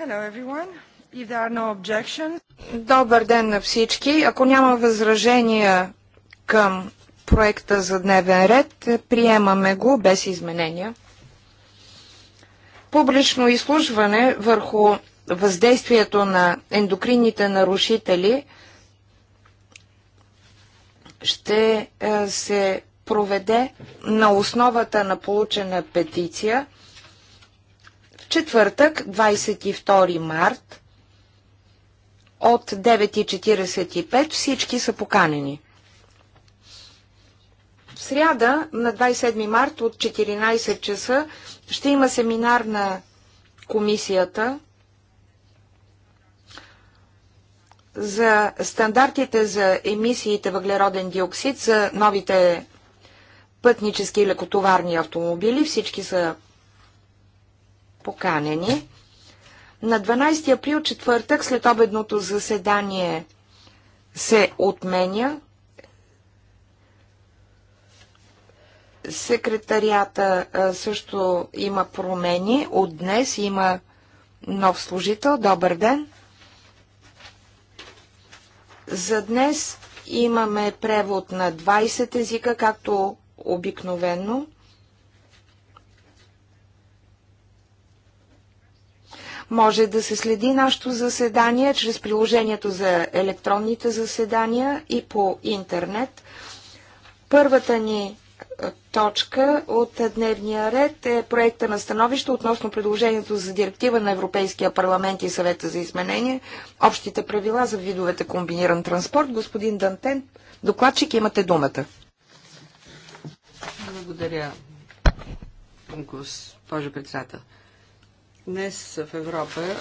No Добър ден на всички. Ако няма възражения към проекта за дневен ред, приемаме го без изменения. Публично изслужване върху въздействието на ендокринните нарушители ще е, се проведе на основата на получена петиция – четвъртък, 22 март, от 9.45 всички са поканени. В сряда на 27 март от 14 часа ще има семинар на комисията за стандартите за емисиите въглероден диоксид за новите пътнически и лекотоварни автомобили. Всички са поканени. На 12 април четвъртък след обедното заседание се отменя. Секретарията също има промени. От днес има нов служител. Добър ден! За днес имаме превод на 20 езика, както обикновено. Може да се следи нашето заседание чрез приложението за електронните заседания и по интернет. Първата ни е, точка от дневния ред е проекта на становище относно предложението за директива на Европейския парламент и съвета за изменение, общите правила за видовете комбиниран транспорт. Господин Дантен, докладчик, имате думата. Благодаря, госпожо председател. Днес в Европа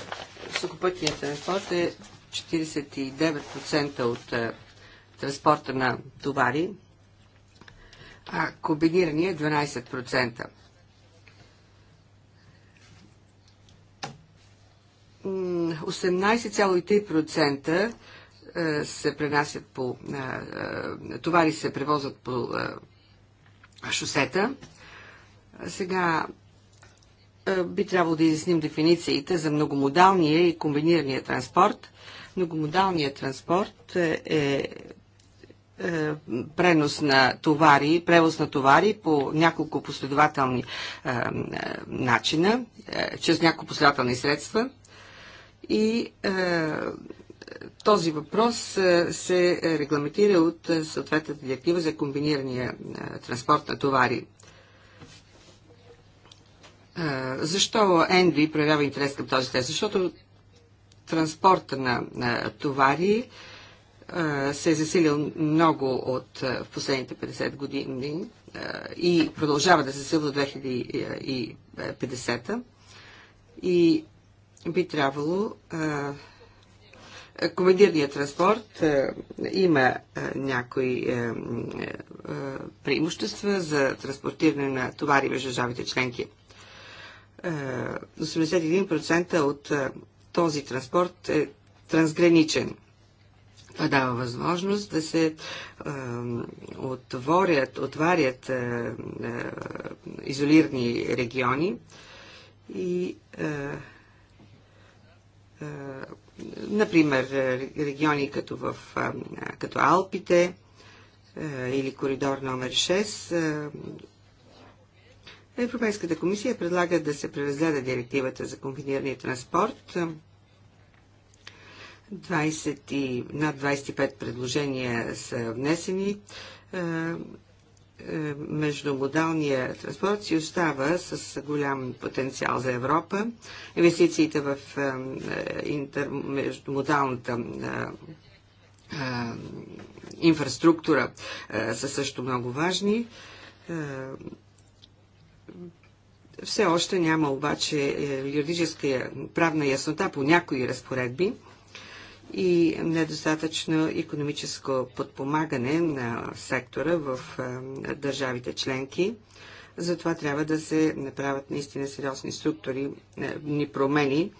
сухопътният транспорт е 49% от е, транспорта на товари, а комбинираният е 12%. Е, се пренасят по товари се превозват по шосета. Сега е, би трябвало да изясним дефинициите за многомодалния и комбинирания транспорт. Многомодалният транспорт е, е, е пренос на товари, превоз на товари по няколко последователни е, начина, е, чрез няколко последователни средства. И е, този въпрос се регламентира от съответната директива за комбинирания транспорт на товари защо Енви проявява интерес към този тест? Защото транспорта на, товари се е засилил много от в последните 50 години и продължава да се засилва до 2050 и би трябвало комендирният транспорт има някои преимущества за транспортиране на товари между държавите членки. 81% е, от е, този транспорт е трансграничен. Това дава възможност да се е, отворят, отварят изолирани региони и например региони като, в, като Алпите или коридор номер 6 Европейската комисия предлага да се преразгледа директивата за комбинирания транспорт. 20, над 25 предложения са внесени. Е, е, междумодалния транспорт си остава с голям потенциал за Европа. Инвестициите в е, интер, междумодалната инфраструктура са също много важни все още няма обаче е, юридическа правна яснота по някои разпоредби и недостатъчно економическо подпомагане на сектора в е, държавите членки. Затова трябва да се направят наистина сериозни структури, е, ни промени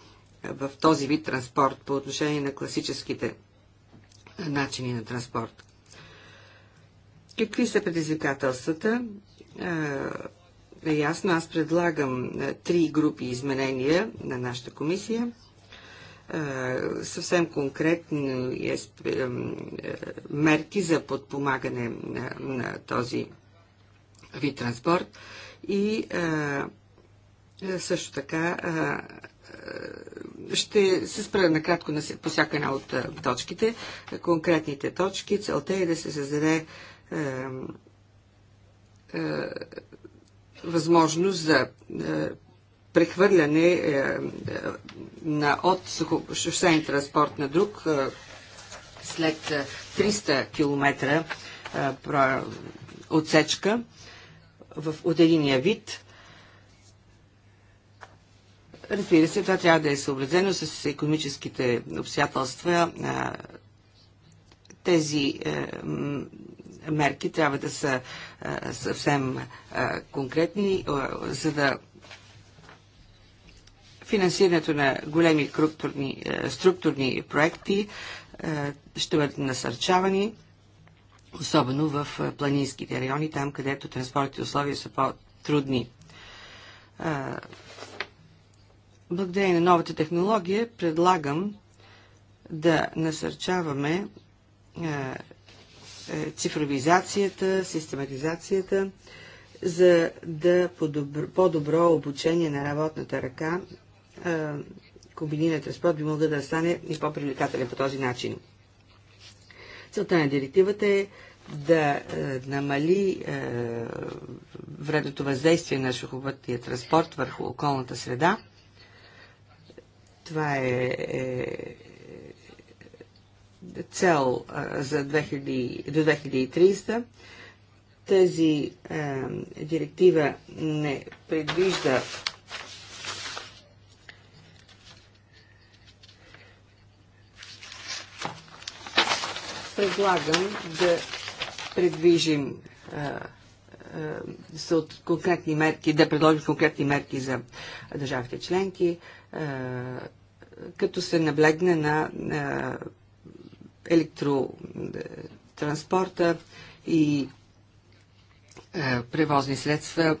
в този вид транспорт по отношение на класическите начини на транспорт. Какви са предизвикателствата? е ясно. Аз предлагам е, три групи изменения на нашата комисия. Е, съвсем конкретни е, мерки за подпомагане на, този вид транспорт и също така ще се спра накратко по всяка една от точките. Конкретните точки. Целта е да се създаде възможност за е, прехвърляне е, е, на от шосейен транспорт на друг след 300 км отсечка в, от единия вид. Разбира се, това трябва да е съобразено с економическите обстоятелства. Тези мерки трябва да са съвсем конкретни, за да финансирането на големи структурни, структурни проекти ще бъдат насърчавани, особено в планинските райони, там където транспортните условия са по-трудни. Благодарение на новата технология предлагам да насърчаваме е, цифровизацията, систематизацията, за да по-добро, по-добро обучение на работната ръка, е, комбинираният транспорт би могъл да стане и по-привлекателен по този начин. Целта на директивата е да е, намали е, вредното въздействие на шухопътния транспорт върху околната среда. Това е, е цел за 2000, до 2030. Тази е, директива не предвижда предлагам да предвижим е, е, от конкретни мерки, да предложим конкретни мерки за държавите членки, като се наблегне на електротранспорта и е, превозни средства е,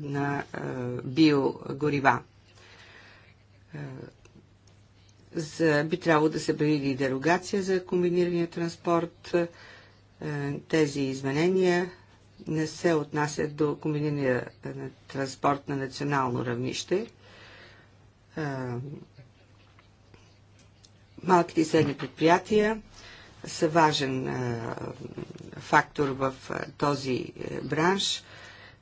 на е, биогорива. За, би трябвало да се предвиди дерогация за комбинирания транспорт. Тези изменения не се отнасят до комбинирания транспорт на национално равнище. Малките и средни предприятия са важен а, фактор в а, този е, бранш.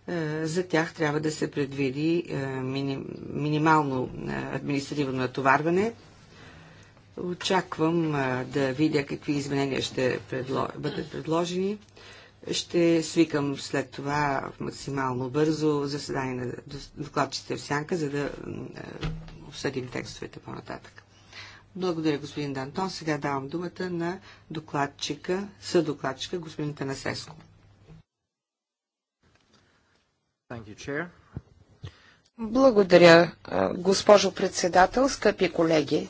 А, за тях трябва да се предвиди мини, минимално административно натоварване. Очаквам да видя какви изменения ще бъдат предложени. Ще свикам след това максимално бързо заседание на докладчите в Сянка, за да обсъдим текстовете по-нататък. Благодаря, господин Дантон. Сега давам думата на докладчика, съдокладчика, господин Танасеско. Благодаря, госпожо председател, скъпи колеги.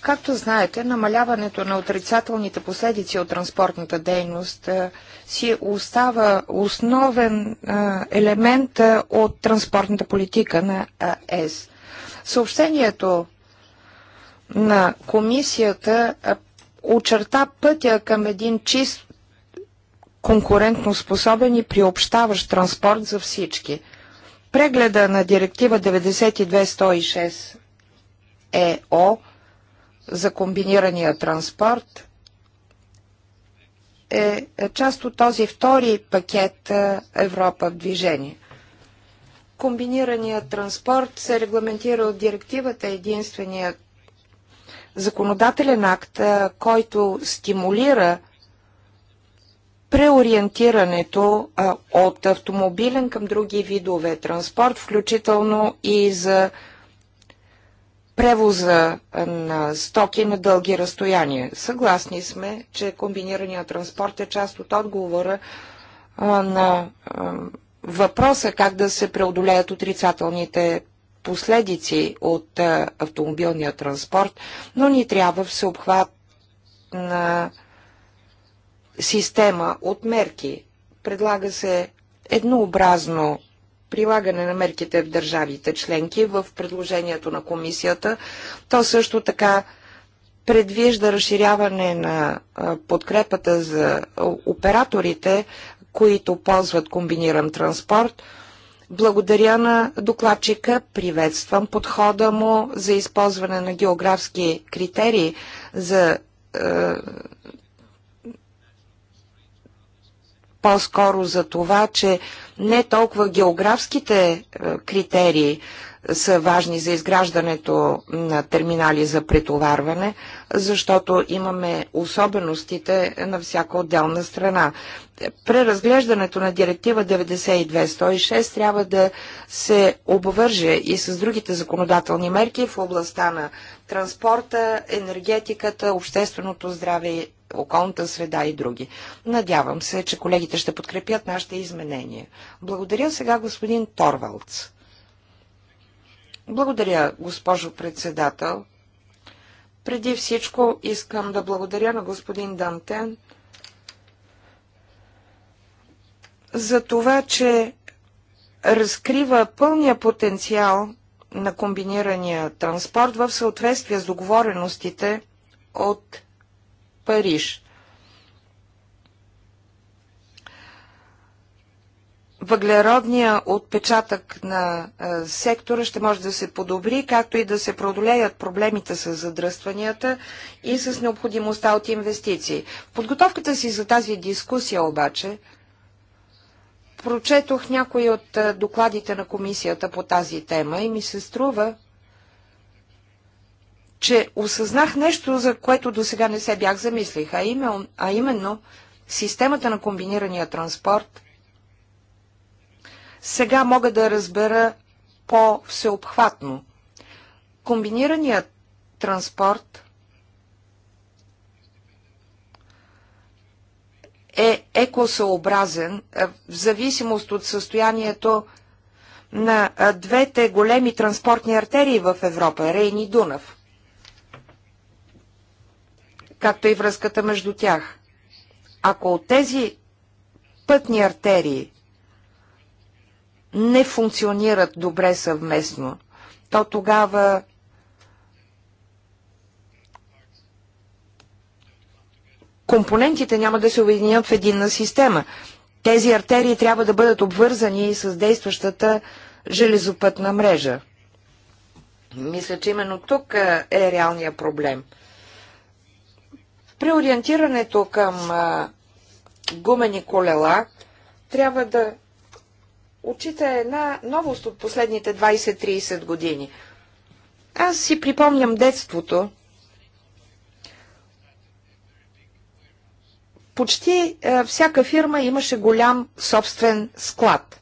Както знаете, намаляването на отрицателните последици от транспортната дейност си остава основен елемент от транспортната политика на АЕС. Съобщението на комисията очерта пътя към един чист конкурентно способен и приобщаващ транспорт за всички. Прегледа на директива 9206 ЕО за комбинирания транспорт е част от този втори пакет Европа в движение. Комбинираният транспорт се регламентира от директивата единственият законодателен акт, който стимулира преориентирането от автомобилен към други видове транспорт, включително и за превоза на стоки на дълги разстояния. Съгласни сме, че комбинираният транспорт е част от отговора на въпроса как да се преодолеят отрицателните последици от автомобилния транспорт, но ни трябва всеобхват на система от мерки. Предлага се еднообразно прилагане на мерките в държавите членки в предложението на комисията. То също така предвижда разширяване на подкрепата за операторите, които ползват комбиниран транспорт – благодаря на докладчика, приветствам подхода му за използване на географски критерии за е, по-скоро за това, че не толкова географските е, критерии са важни за изграждането на терминали за претоварване, защото имаме особеностите на всяка отделна страна. Преразглеждането на директива 9206 трябва да се обвърже и с другите законодателни мерки в областта на транспорта, енергетиката, общественото здраве, околната среда и други. Надявам се, че колегите ще подкрепят нашите изменения. Благодаря сега господин Торвалц. Благодаря, госпожо председател. Преди всичко искам да благодаря на господин Дантен за това, че разкрива пълния потенциал на комбинирания транспорт в съответствие с договореностите от Париж. въглеродния отпечатък на сектора ще може да се подобри, както и да се продолеят проблемите с задръстванията и с необходимостта от инвестиции. В подготовката си за тази дискусия обаче прочетох някои от докладите на комисията по тази тема и ми се струва, че осъзнах нещо, за което до сега не се бях замислих, а именно системата на комбинирания транспорт – сега мога да разбера по-всеобхватно. Комбинираният транспорт е екосъобразен е, в зависимост от състоянието на е, двете големи транспортни артерии в Европа – Рейн и Дунав, както и връзката между тях. Ако от тези пътни артерии не функционират добре съвместно, то тогава компонентите няма да се объединят в единна система. Тези артерии трябва да бъдат обвързани с действащата железопътна мрежа. Мисля, че именно тук е реалният проблем. При ориентирането към гумени колела трябва да отчита една новост от последните 20-30 години. Аз си припомням детството. Почти е, всяка фирма имаше голям собствен склад.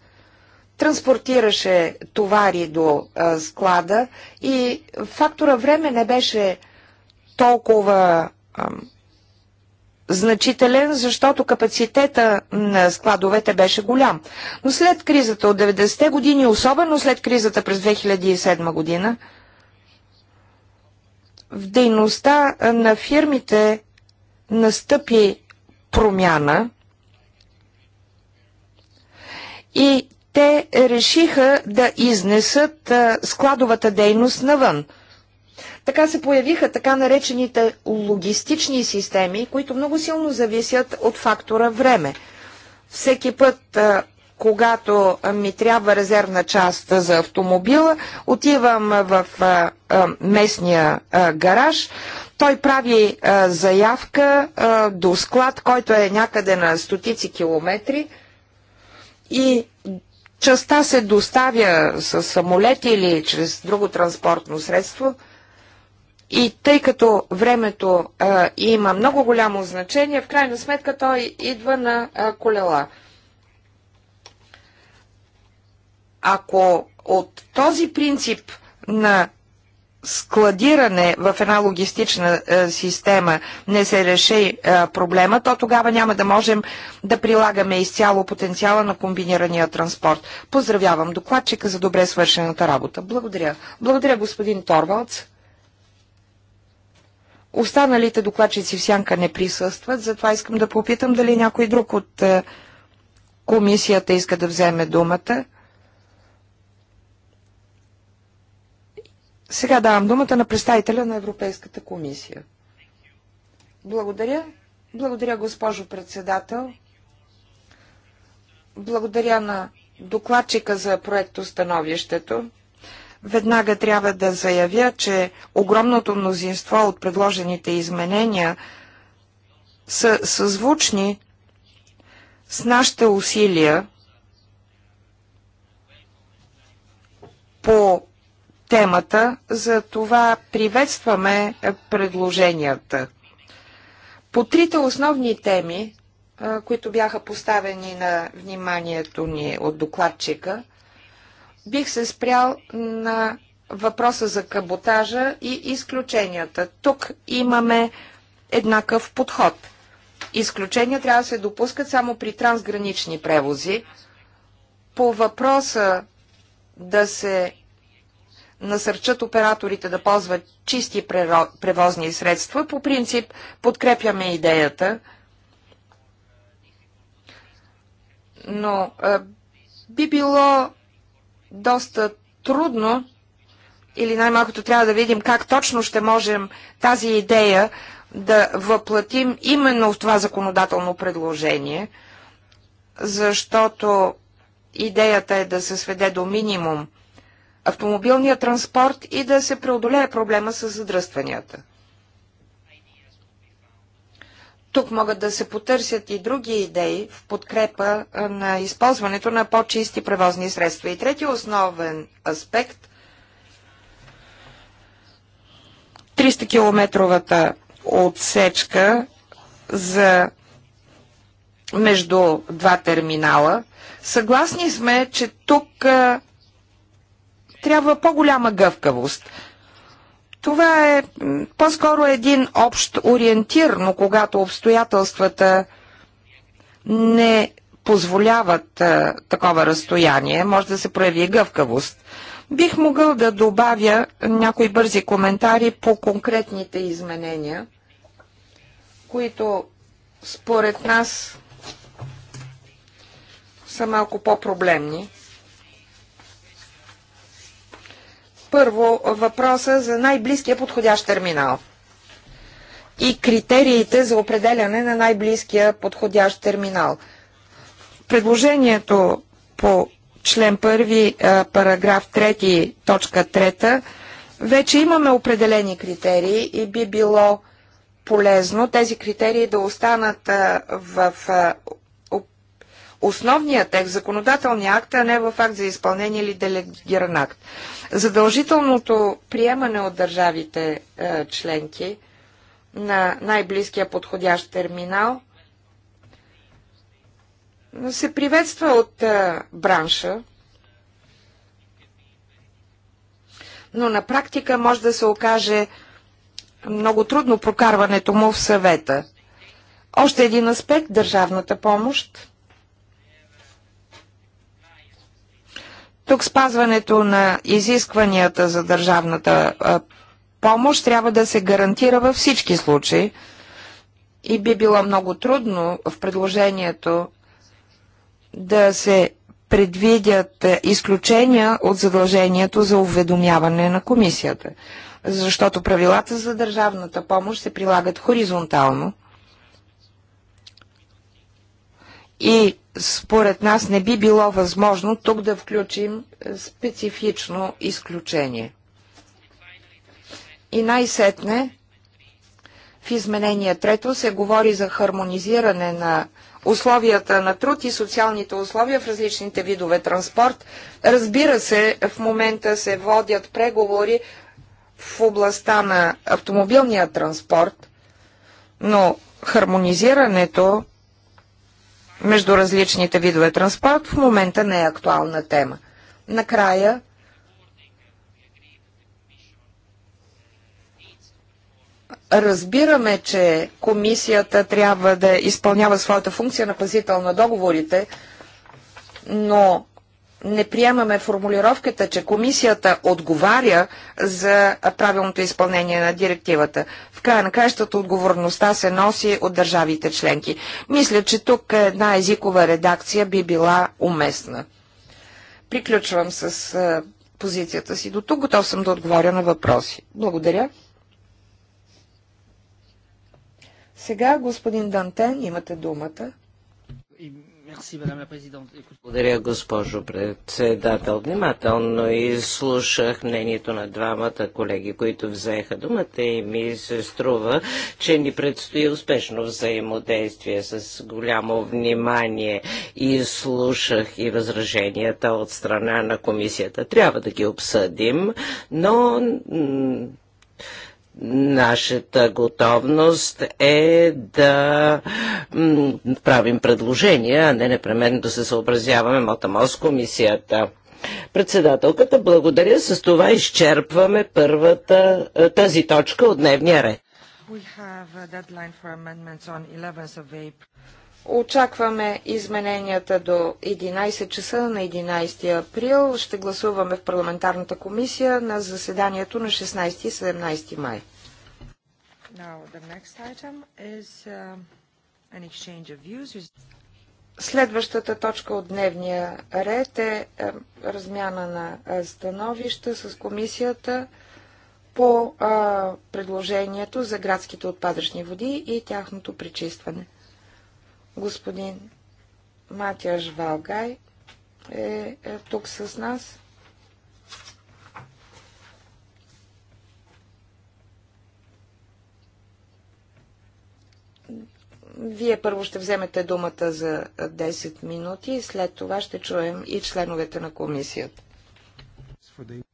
Транспортираше товари до е, склада и фактора време не беше толкова значителен, защото капацитета на складовете беше голям. Но след кризата от 90-те години, особено след кризата през 2007 година, в дейността на фирмите настъпи промяна и те решиха да изнесат складовата дейност навън – така се появиха така наречените логистични системи, които много силно зависят от фактора време. Всеки път, когато ми трябва резервна част за автомобила, отивам в местния гараж, той прави заявка до склад, който е някъде на стотици километри и частта се доставя с самолет или чрез друго транспортно средство – и тъй като времето а, има много голямо значение, в крайна сметка той идва на а, колела. Ако от този принцип на складиране в една логистична а, система не се реши а, проблема, то тогава няма да можем да прилагаме изцяло потенциала на комбинирания транспорт. Поздравявам докладчика за добре свършената работа. Благодаря. Благодаря господин Торвалц. Останалите докладчици в сянка не присъстват, затова искам да попитам дали някой друг от е, комисията иска да вземе думата. Сега давам думата на представителя на Европейската комисия. Благодаря. Благодаря, госпожо председател. Благодаря на докладчика за проекто становището. Веднага трябва да заявя, че огромното мнозинство от предложените изменения са съзвучни с нашите усилия по темата, за това приветстваме предложенията. По трите основни теми, които бяха поставени на вниманието ни от докладчика – бих се спрял на въпроса за каботажа и изключенията. Тук имаме еднакъв подход. Изключения трябва да се допускат само при трансгранични превози. По въпроса да се насърчат операторите да ползват чисти превозни средства, по принцип подкрепяме идеята, но би било доста трудно или най-малкото трябва да видим как точно ще можем тази идея да въплатим именно в това законодателно предложение, защото идеята е да се сведе до минимум автомобилния транспорт и да се преодолее проблема с задръстванията. Тук могат да се потърсят и други идеи в подкрепа на използването на по-чисти превозни средства. И третия основен аспект – 300 километровата отсечка за между два терминала. Съгласни сме, че тук трябва по-голяма гъвкавост – това е по-скоро един общ ориентир, но когато обстоятелствата не позволяват а, такова разстояние, може да се прояви гъвкавост. Бих могъл да добавя някои бързи коментари по конкретните изменения, които според нас са малко по-проблемни. Първо, въпроса за най-близкия подходящ терминал и критериите за определяне на най-близкия подходящ терминал. Предложението по член 1, параграф 3, точка 3, вече имаме определени критерии и би било полезно тези критерии да останат в Основният текст, законодателния акт, а не в акт за изпълнение или делегиран акт. Задължителното приемане от държавите е, членки на най-близкия подходящ терминал се приветства от е, бранша, но на практика може да се окаже много трудно прокарването му в съвета. Още един аспект – държавната помощ. Тук спазването на изискванията за държавната помощ трябва да се гарантира във всички случаи и би било много трудно в предложението да се предвидят изключения от задължението за уведомяване на комисията, защото правилата за държавната помощ се прилагат хоризонтално – И според нас не би било възможно тук да включим е, специфично изключение. И най-сетне в изменение трето се говори за хармонизиране на условията на труд и социалните условия в различните видове транспорт. Разбира се, в момента се водят преговори в областта на автомобилния транспорт, но хармонизирането между различните видове транспорт в момента не е актуална тема. Накрая, разбираме, че комисията трябва да изпълнява своята функция на пазител на договорите, но не приемаме формулировката, че комисията отговаря за правилното изпълнение на директивата. В края на краищата отговорността се носи от държавите членки. Мисля, че тук една езикова редакция би била уместна. Приключвам с е, позицията си. До тук готов съм да отговоря на въпроси. Благодаря. Сега, господин Дантен, имате думата. Благодаря, госпожо председател. Внимателно изслушах мнението на двамата колеги, които взеха думата и ми се струва, че ни предстои успешно взаимодействие с голямо внимание. И слушах и възраженията от страна на комисията. Трябва да ги обсъдим, но Нашата готовност е да правим предложения, а не непременно да се съобразяваме мотамо с комисията. Председателката, благодаря. С това изчерпваме първата е, тази точка от дневния ред. Очакваме измененията до 11 часа на 11 април. Ще гласуваме в парламентарната комисия на заседанието на 16 и 17 май. Uh, Следващата точка от дневния ред е, е размяна на е, становища с комисията по е, предложението за градските отпадъчни води и тяхното причистване. Господин Матяш Валгай е, е тук с нас. Вие първо ще вземете думата за 10 минути и след това ще чуем и членовете на комисията.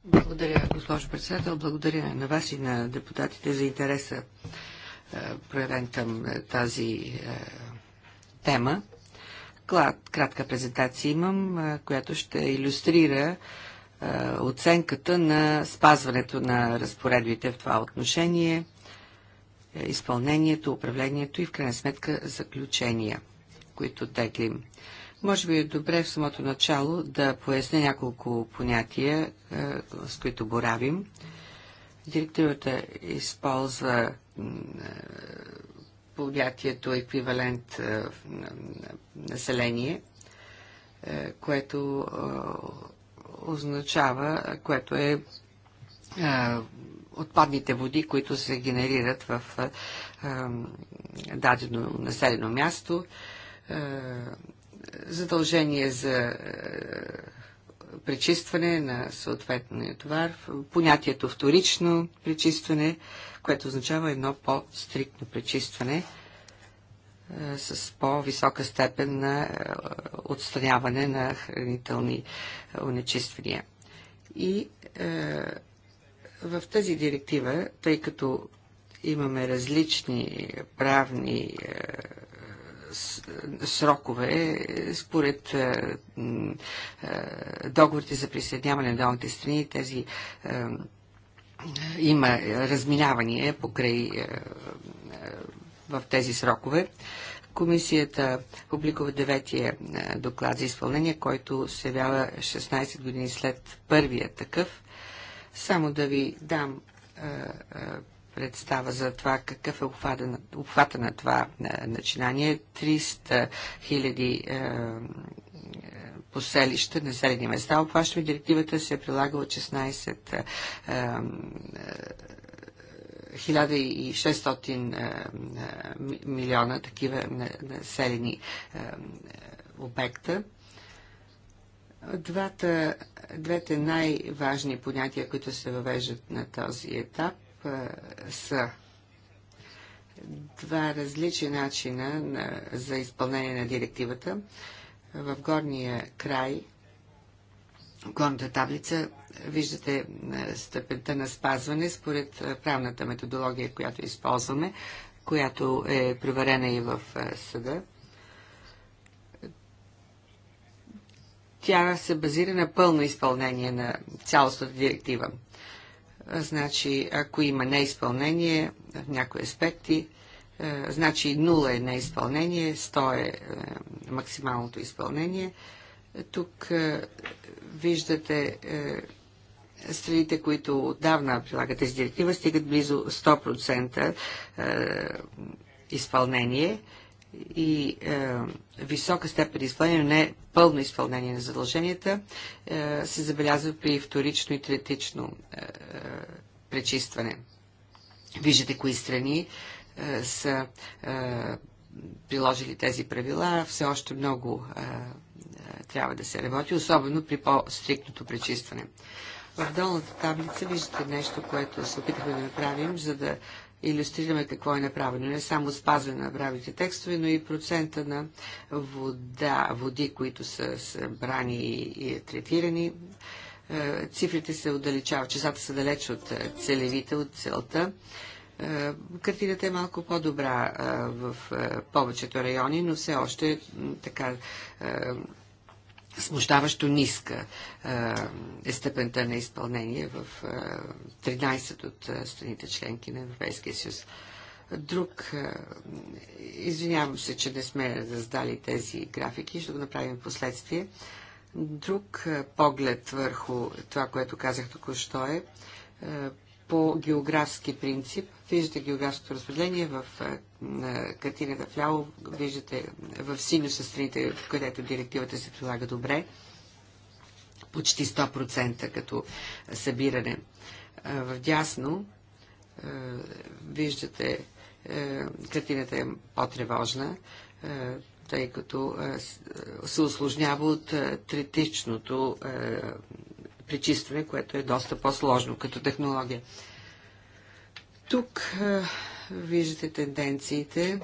Благодаря, госпожо председател. Благодаря на вас и на депутатите за интереса е, проявен към е, тази е, тема. Кратка презентация имам, която ще иллюстрира оценката на спазването на разпоредбите в това отношение, е, изпълнението, управлението и в крайна сметка заключения, които теглим. Може би е добре в самото начало да поясня няколко понятия, е, с които боравим. Директивата използва е, понятието е еквивалент е, население, е, което означава, което е отпадните води, които се генерират в дадено населено място, задължение за пречистване на съответния товар, понятието вторично пречистване, което означава едно по-стриктно пречистване е, с по-висока степен на е, отстраняване на хранителни е, унечиствания. И е, в тази директива, тъй като имаме различни правни срокове според договорите за присъединяване на долните страни, тези има разминавания покрай е, е, в тези срокове. Комисията публикува деветия е, доклад за изпълнение, който се явява 16 години след първия такъв. Само да ви дам представа за това какъв е обхвата на, обхвата на това начинание. 300 хиляди 000 по селища, населени места. Обхваща и директивата се прилага от 16 1600 е, е, е, милиона такива населени обекта. Двата, двете най-важни понятия, които се въвеждат на този етап, са два различни начина за изпълнение на директивата в горния край, в горната таблица, виждате е, степента на спазване според е, правната методология, която използваме, която е проверена и в е, съда. Тя се базира на пълно изпълнение на цялостната директива. Значи, ако има неизпълнение в някои аспекти, е, значи 0 е изпълнение, 100 е, е максималното изпълнение. Тук е, виждате страните, които отдавна прилагат тези директива, стигат близо 100% изпълнение и е, висока степен изпълнение, но не пълно изпълнение на задълженията, е, се забелязва при вторично и третично е, пречистване. Виждате кои страни е, са е, приложили тези правила, все още много е, трябва да се работи, особено при по стриктното пречистване. В долната таблица виждате нещо, което се опитахме да направим, за да иллюстрираме какво е направено. Не само спазване на правите текстове, но и процента на вода, води, които са събрани и третирани. Цифрите се отдалечават, часата са далеч от целевите, от целта. Е, Картината е малко по-добра е, в е, повечето райони, но все още е така смущаващо ниска е степента на изпълнение в 13 от страните членки на Европейския съюз. Друг, извинявам се, че не сме раздали тези графики, ще го направим в последствие. Друг поглед върху това, което казах току-що е по географски принцип – Виждате географското разпределение в е, картината в ляло, виждате в синьо са страните, където директивата се прилага добре, почти 100% като събиране. В дясно е, виждате е, картината е по-тревожна, тъй като се осложнява от третичното пречистване, което е доста по-сложно като технология. Тук виждате тенденциите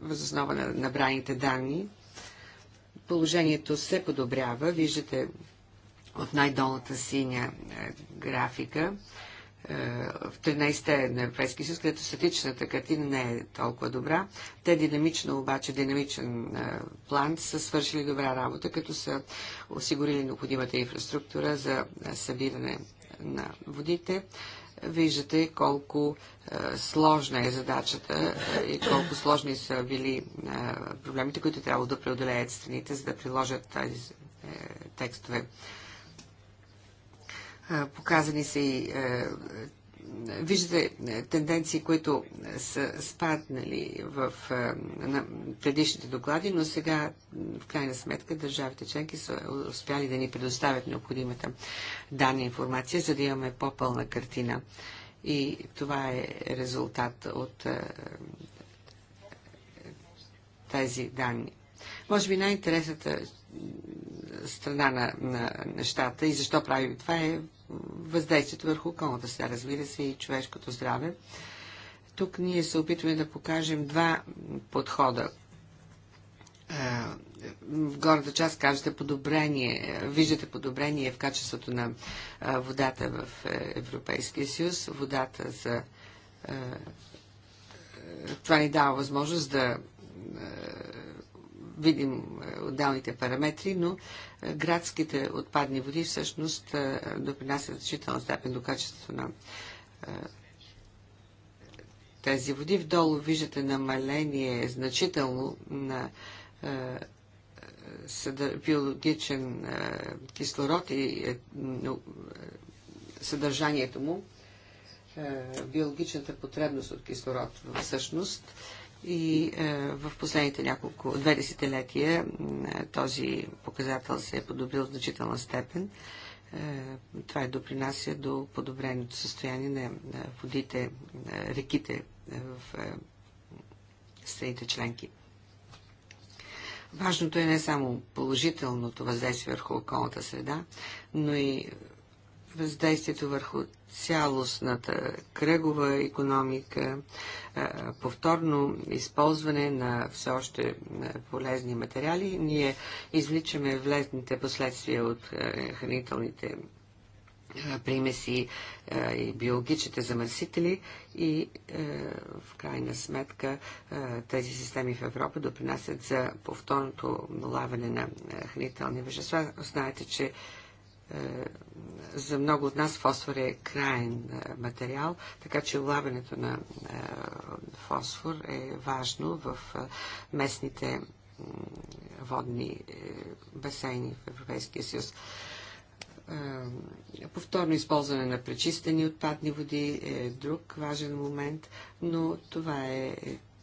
възоснова на набраните данни. Положението се подобрява. Виждате от най-долната синя графика в 13-те на Европейски съюз, където статичната картина не е толкова добра. Те динамично, обаче динамичен план са свършили добра работа, като са осигурили необходимата инфраструктура за събиране на водите. Виждате колко е, сложна е задачата е, и колко сложни са били е, проблемите, които трябва да преодолеят страните, за да приложат тези текстове. Показани са и виждате е, тенденции, които е, са спаднали в е, на предишните доклади, но сега в крайна сметка държавите членки са успяли да ни предоставят необходимата данна информация, за да имаме по-пълна картина. И това е резултат от тези данни. Може би най-интересната страна на, на нещата и защо правим това е въздействието върху околната среда, разбира се, и човешкото здраве. Тук ние се опитваме да покажем два подхода. Е, в горната част кажете подобрение, виждате подобрение в качеството на е, водата в е, Европейския съюз, водата за това ни дава възможност да видим е, отделните параметри, но е, градските отпадни води всъщност е, допринасят значително степен до качеството на тези води. Вдолу виждате намаление значително на биологичен кислород и съдържанието му, биологичната потребност от кислород всъщност и е, в последните няколко, две десетилетия този показател се е подобрил в значителна степен. Е, това е допринася до подобреното състояние на водите, на реките е, в страните членки. Важното е не само положителното въздействие върху околната среда, но и въздействието върху цялостната кръгова економика, е, повторно използване на все още е, полезни материали. Ние извличаме влезните последствия от е, хранителните примеси и биологичните замърсители и в крайна сметка тези системи в Европа допринасят за повторното налаване на хранителни вещества. Знаете, че е, за много от нас фосфор е крайен е, материал, така че улавянето на е, фосфор е важно в местните водни басейни в Европейския съюз. Повторно използване на пречистени отпадни води е друг важен момент, но това е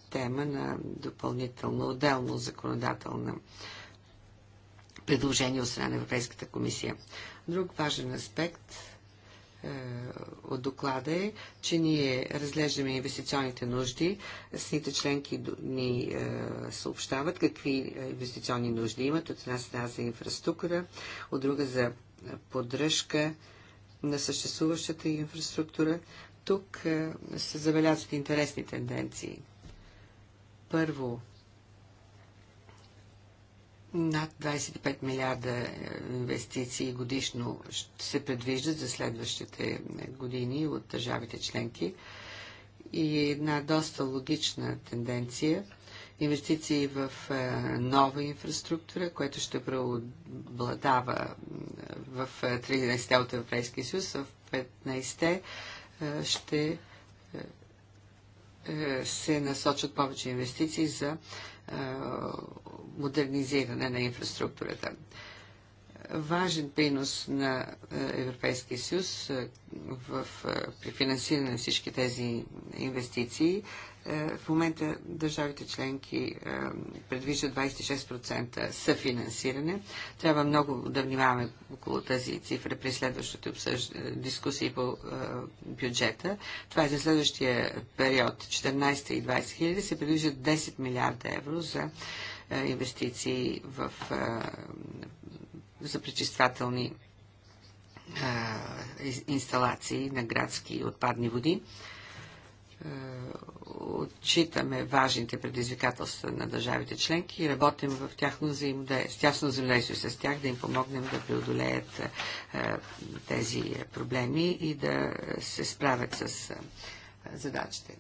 тема на допълнително отделно законодателна предложение от страна на Европейската комисия. Друг важен аспект е, от доклада е, че ние разглеждаме инвестиционните нужди. Сните членки ни е, съобщават какви е, инвестиционни нужди имат. От една страна за инфраструктура, от друга за поддръжка на съществуващата инфраструктура. Тук се забелязват интересни тенденции. Първо, над 25 милиарда е, инвестиции годишно ще се предвиждат за следващите е, години от държавите членки и една доста логична тенденция инвестиции в е, нова инфраструктура, което ще преобладава в 13-те от Европейския съюз, в 15-те ще се насочат повече инвестиции за е, модернизиране на инфраструктурата. Важен принос на е, Европейския съюз е, в, при финансиране на всички тези инвестиции е, в момента държавите членки е, предвиждат 26% съфинансиране. Трябва много да внимаваме около тази цифра при следващите обсъж... Е, дискусии по бюджета. Това е за следващия период 14 и 20 хиляди. Се предвиждат 10 милиарда евро за инвестиции в, за пречиствателни инсталации на градски отпадни води. Е, отчитаме важните предизвикателства на държавите членки и работим в тяхно взаимодействие, тясно взаимодействие с тях, да им помогнем да преодолеят е, тези проблеми и да се справят с е, задачите.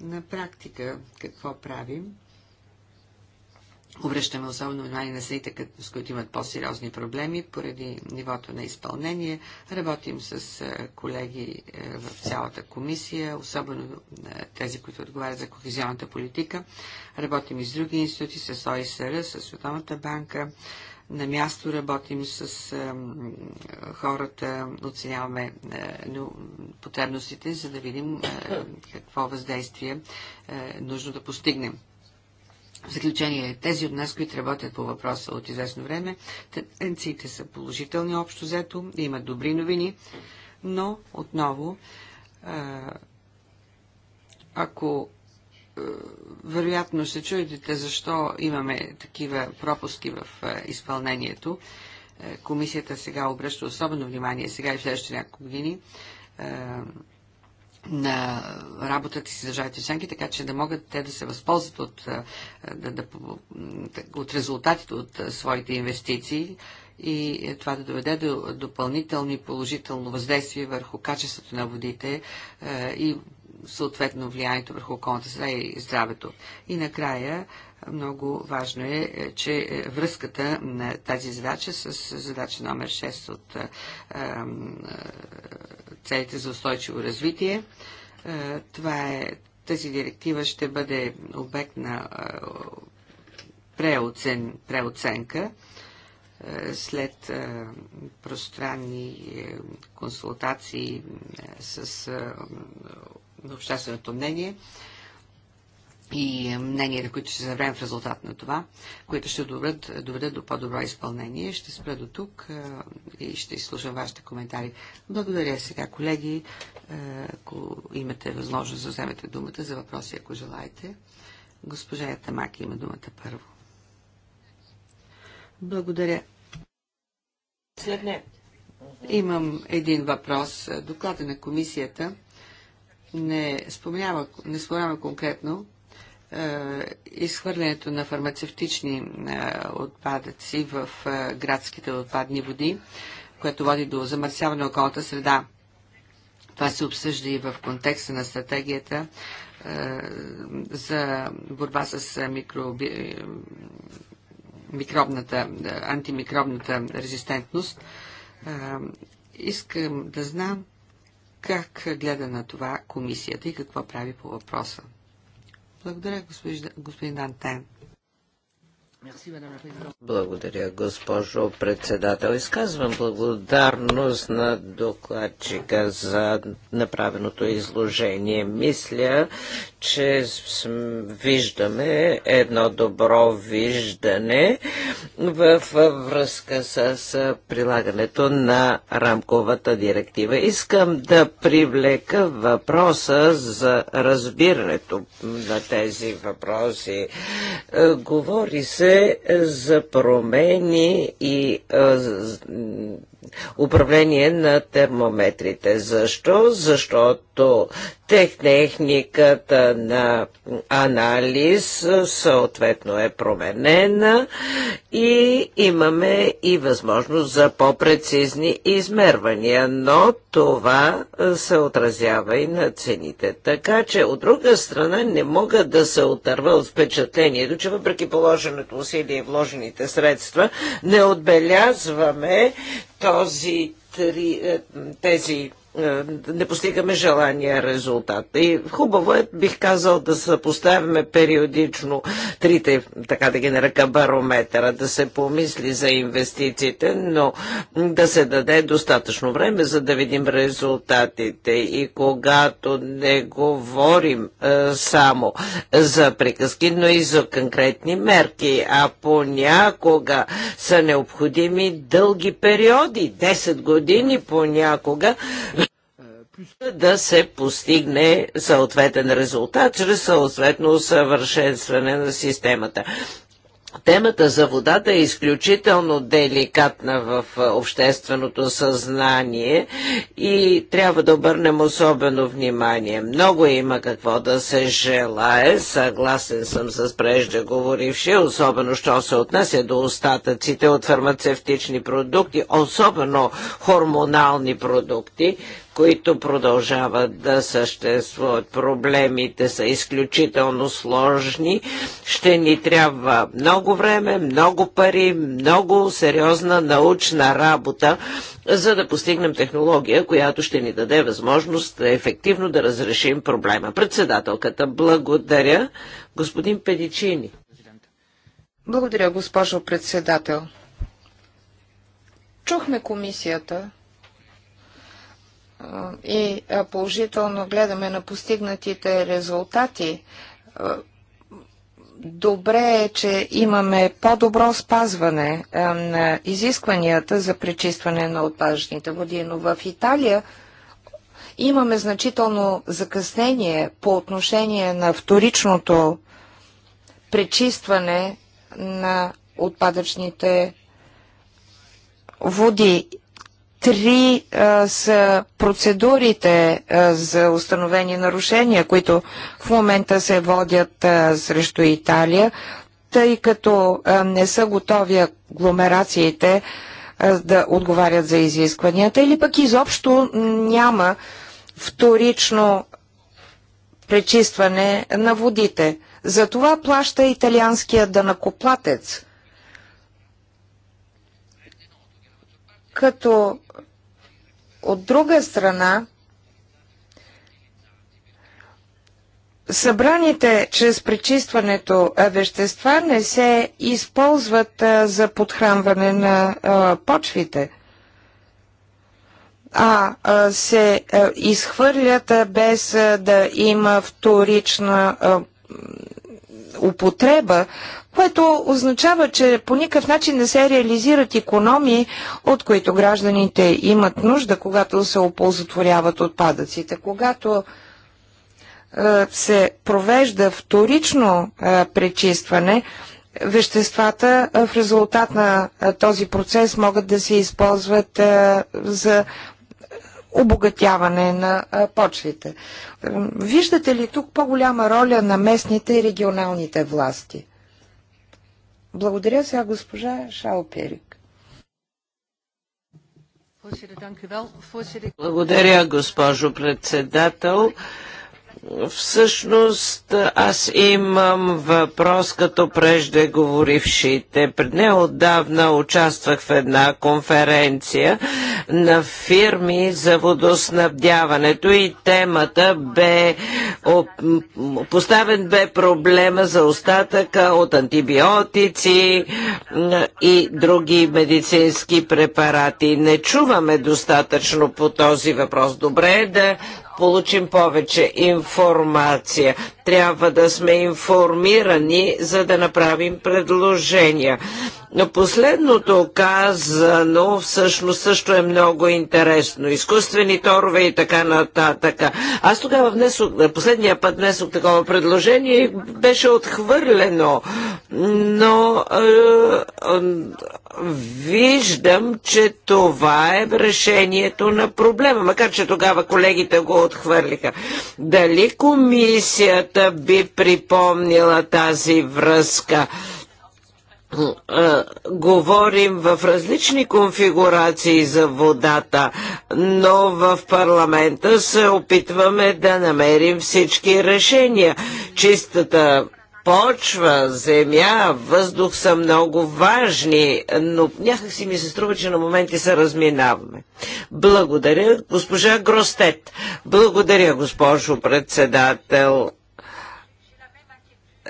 На практика какво правим? Обръщаме особено внимание на страните, с които имат по-сериозни проблеми поради нивото на изпълнение. Работим с колеги в цялата комисия, особено тези, които отговарят за кохезионната политика. Работим и с други институти, с ОИСР, с Световната банка. На място работим с хората, оценяваме потребностите, за да видим какво въздействие е нужно да постигнем. В заключение, тези от нас, които работят по въпроса от известно време, тенденциите са положителни общо взето, имат добри новини, но отново, ако вероятно се чуете защо имаме такива пропуски в изпълнението, комисията сега обръща особено внимание, сега и в следващите няколко години, на работата си с държавите членки, така че да могат те да се възползват от, да, да, от резултатите от своите инвестиции и е, това да доведе до допълнителни положително въздействие върху качеството на водите е, и съответно влиянието върху околната среда и здравето. И накрая много важно е, е че връзката на тази задача с задача номер 6 от целите за устойчиво развитие. Е, това е, тази директива ще бъде обект на е, преоцен, преоценка е, след пространни консултации с общественото мнение и мненията, които ще заврем в резултат на това, които ще доведат, доведат до по-добро изпълнение. Ще спра до тук и ще изслушам вашите коментари. Благодаря сега, колеги, ако имате възможност да вземете думата за въпроси, ако желаете. Госпожа Ятамаки има думата първо. Благодаря. След не. Имам един въпрос. Доклада на комисията не споменава, не споменава конкретно е, изхвърлянето на фармацевтични е, отпадъци в е, градските отпадни води, което води до замърсяване на околната среда. Това се обсъжда и в контекста на стратегията за борба с микроби... микробната, антимикробната резистентност. Искам да знам как гледа на това комисията и какво прави по въпроса. Благодаря, господин Дантен. Благодаря, госпожо председател. Изказвам благодарност на докладчика за направеното изложение. Мисля, че виждаме едно добро виждане в връзка с прилагането на рамковата директива. Искам да привлека въпроса за разбирането на тези въпроси. Е, говори се за промени и управление на термометрите. Защо? Защото като техниката на анализ съответно е променена и имаме и възможност за по-прецизни измервания, но това се отразява и на цените. Така че от друга страна не мога да се отърва от впечатлението, че въпреки положеното усилие и вложените средства не отбелязваме този, е, тези е, не постигаме желания резултат. И хубаво е, бих казал, да съпоставяме периодично трите, така да ги нарека, барометъра, да се помисли за инвестициите, но да се даде достатъчно време, за да видим резултатите. И когато не говорим е, само за приказки, но и за конкретни мерки, а понякога са необходими дълги периоди, 10 години понякога, да се постигне съответен резултат чрез съответно усъвършенстване на системата. Темата за водата е изключително деликатна в общественото съзнание и трябва да обърнем особено внимание. Много има какво да се желае, съгласен съм с преждеговоривши, особено що се отнася до остатъците от фармацевтични продукти, особено хормонални продукти, които продължават да съществуват. Проблемите са изключително сложни. Ще ни трябва много време, много пари, много сериозна научна работа, за да постигнем технология, която ще ни даде възможност ефективно да разрешим проблема. Председателката, благодаря. Господин Педичини. Благодаря, госпожо председател. Чухме комисията е, и положително гледаме на постигнатите резултати, е, добре е, че имаме по-добро спазване е, на изискванията за пречистване на отпадъчните води, но в Италия имаме значително закъснение по отношение на вторичното пречистване на отпадъчните води Три а, са процедурите а, за установени нарушения, които в момента се водят а, срещу Италия, тъй като а, не са готови агломерациите а, да отговарят за изискванията или пък изобщо няма вторично пречистване на водите. За това плаща италианския данакоплатец. като от друга страна събраните чрез пречистването вещества не се използват а, за подхранване на а, почвите, а, а се изхвърлят без да има вторична употреба което означава, че по никакъв начин не се реализират економии, от които гражданите имат нужда, когато се оползотворяват отпадъците. Когато е, се провежда вторично е, пречистване, веществата е, в резултат на е, този процес могат да се използват е, за обогатяване на почвите. Виждате ли тук по-голяма роля на местните и регионалните власти? Благодаря сега госпожа Шалперик. Благодаря, госпожо председател. Всъщност аз имам въпрос като преждеговорившите. Неодавна участвах в една конференция на фирми за водоснабдяването и темата бе поставен бе проблема за остатъка от антибиотици и други медицински препарати. Не чуваме достатъчно по този въпрос. Добре е да получим повече информация. Трябва да сме информирани, за да направим предложения. Но последното казано всъщност също е много интересно. Изкуствени торове и така нататък. Аз тогава внесох, последния път внесох такова предложение и беше отхвърлено. Но е, е, виждам, че това е решението на проблема, макар че тогава колегите го отхвърлиха. Дали комисията би припомнила тази връзка? Е, говорим в различни конфигурации за водата, но в парламента се опитваме да намерим всички решения. Чистата почва, земя, въздух са много важни, но някак си ми се струва, че на моменти се разминаваме. Благодаря, госпожа Гростет. Благодаря, госпожо председател.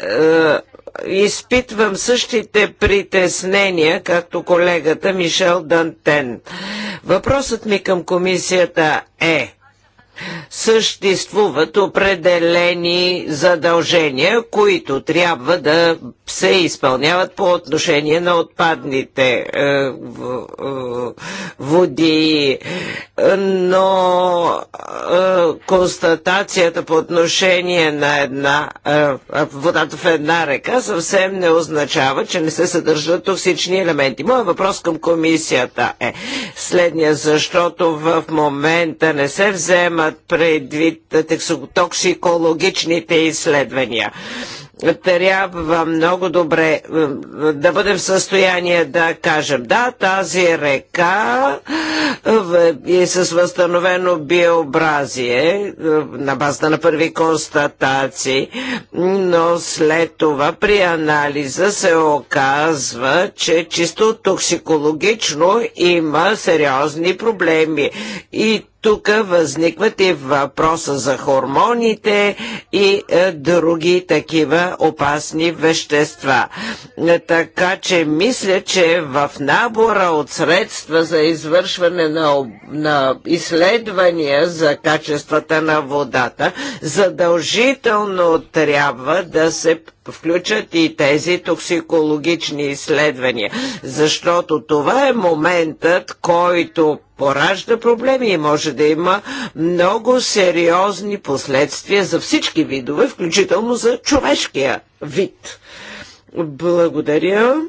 Е, изпитвам същите притеснения, както колегата Мишел Дантен. Въпросът ми към комисията е – съществуват определени задължения, които трябва да се изпълняват по отношение на отпадните е, е, води. Но е, констатацията по отношение на една, водата в една река съвсем не означава, че не се съдържат токсични елементи. Моя въпрос към комисията е следния, защото в момента не се взема имат предвид токсикологичните изследвания трябва много добре да бъдем в състояние да кажем да, тази река е с възстановено биообразие е, на базата на първи констатации, но след това при анализа се оказва, че чисто токсикологично има сериозни проблеми и тук възникват и въпроса за хормоните и е, други такива опасни вещества. Е, така че мисля, че в набора от средства за извършване на, на изследвания за качествата на водата, задължително трябва да се включат и тези токсикологични изследвания, защото това е моментът, който поражда проблеми и може да има много сериозни последствия за всички видове, включително за човешкия вид. Благодаря.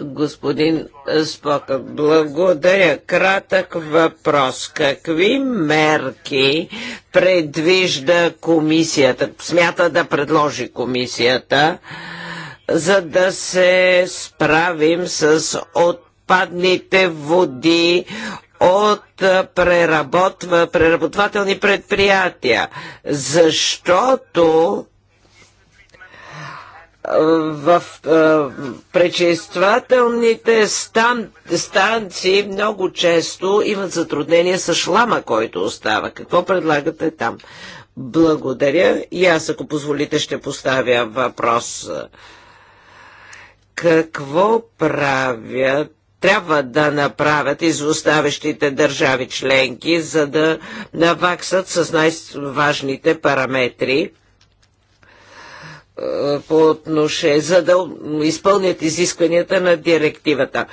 Господин Спока, благодаря. Кратък въпрос. Какви мерки предвижда комисията, смята да предложи комисията, за да се справим с от отпадните води от преработва, преработвателни предприятия, защото в е, пречиствателните стан, станции много често имат затруднения с шлама, който остава. Какво предлагате там? Благодаря. И аз, ако позволите, ще поставя въпрос. Какво правят трябва да направят изоставащите държави членки, за да наваксат с най-важните параметри е, по отношение, за да изпълнят изискванията на директивата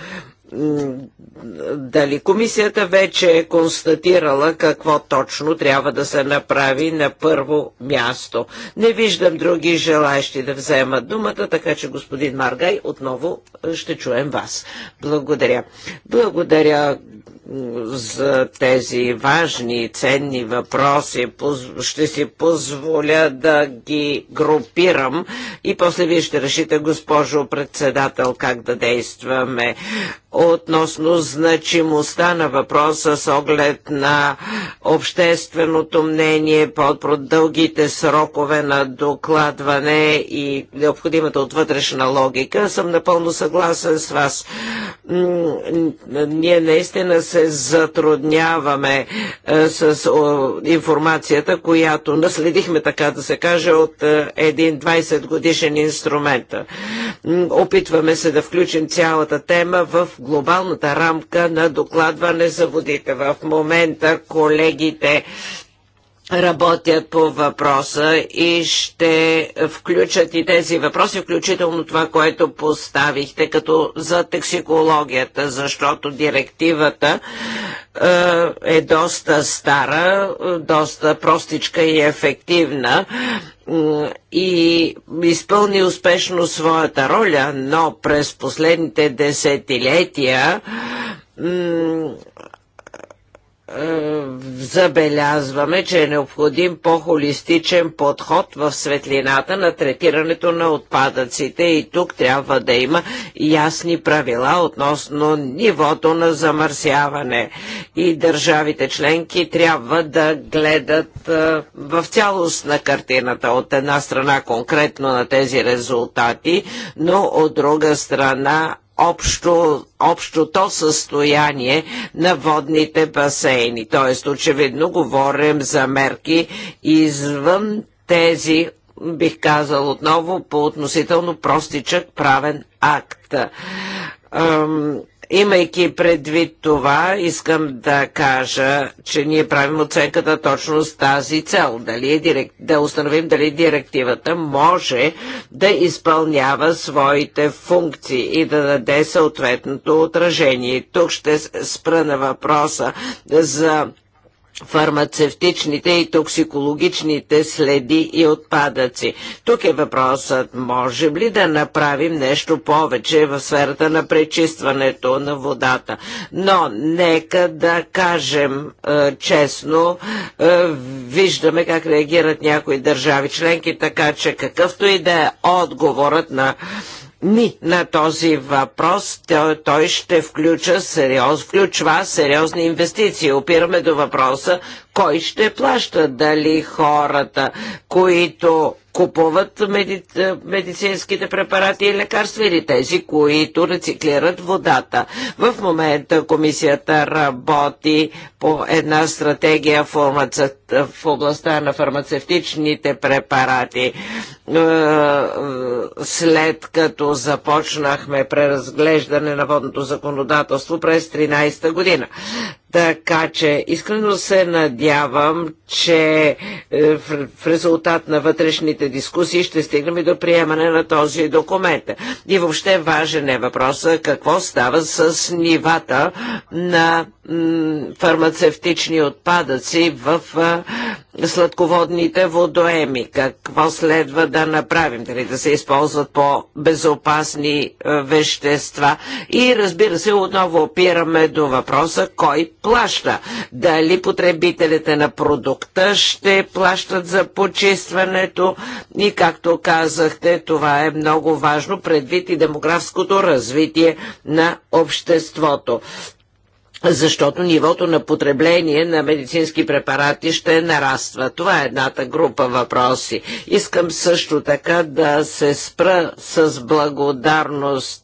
дали комисията вече е констатирала какво точно трябва да се направи на първо място. Не виждам други желаящи да вземат думата, така че господин Маргай, отново ще чуем вас. Благодаря. Благодаря, за тези важни и ценни въпроси. Ще си позволя да ги групирам и после вие ще решите, госпожо председател, как да действаме относно значимостта на въпроса с оглед на общественото мнение под дългите срокове на докладване и необходимата от вътрешна логика. Съм напълно съгласен с вас. Ние наистина се се затрудняваме а, е, с о, информацията, която наследихме, така да се каже, от а, е, един 20 годишен инструмент. Опитваме се да включим цялата тема в глобалната рамка на докладване за водите. В момента колегите работят по въпроса и ще включат и тези въпроси, включително това, което поставихте като за токсикологията, защото директивата е, е доста стара, доста простичка и ефективна и изпълни успешно своята роля, но през последните десетилетия забелязваме, че е необходим по-холистичен подход в светлината на третирането на отпадъците и тук трябва да има ясни правила относно нивото на замърсяване. И държавите членки трябва да гледат в цялост на картината от една страна конкретно на тези резултати, но от друга страна общо, общото състояние на водните басейни. Тоест, очевидно, говорим за мерки извън тези, бих казал отново, по относително простичък правен акт. Имайки предвид това, искам да кажа, че ние правим оценката точно с тази цел. Дали е директ... Да установим дали директивата може да изпълнява своите функции и да даде съответното отражение. Тук ще спра на въпроса за фармацевтичните и токсикологичните следи и отпадъци. Тук е въпросът, можем ли да направим нещо повече в сферата на пречистването на водата. Но нека да кажем е, честно, е, виждаме как реагират някои държави членки, така че какъвто и да е отговорът на ми на този въпрос, той ще включа сериоз, включва сериозни инвестиции. Опираме до въпроса, кой ще плаща, дали хората, които купуват меди... Е, медицинските препарати и лекарства или тези, които рециклират водата. В момента комисията работи по една стратегия фармацевтична в областта на фармацевтичните препарати. Е, е, след като започнахме преразглеждане на водното законодателство през 13-та година. Така че искрено се надявам, че е, в резултат на вътрешните дискусии ще стигнем и до приемане на този документ. И въобще важен е въпросът, какво става с нивата на фармацевтични отпадъци в сладководните водоеми. Какво следва да направим? Дали да се използват по-безопасни е, вещества? И разбира се, отново опираме до въпроса кой плаща. Дали потребителите на продукта ще плащат за почистването? И както казахте, това е много важно предвид и демографското развитие на обществото защото нивото на потребление на медицински препарати ще нараства. Това е едната група въпроси. Искам също така да се спра с благодарност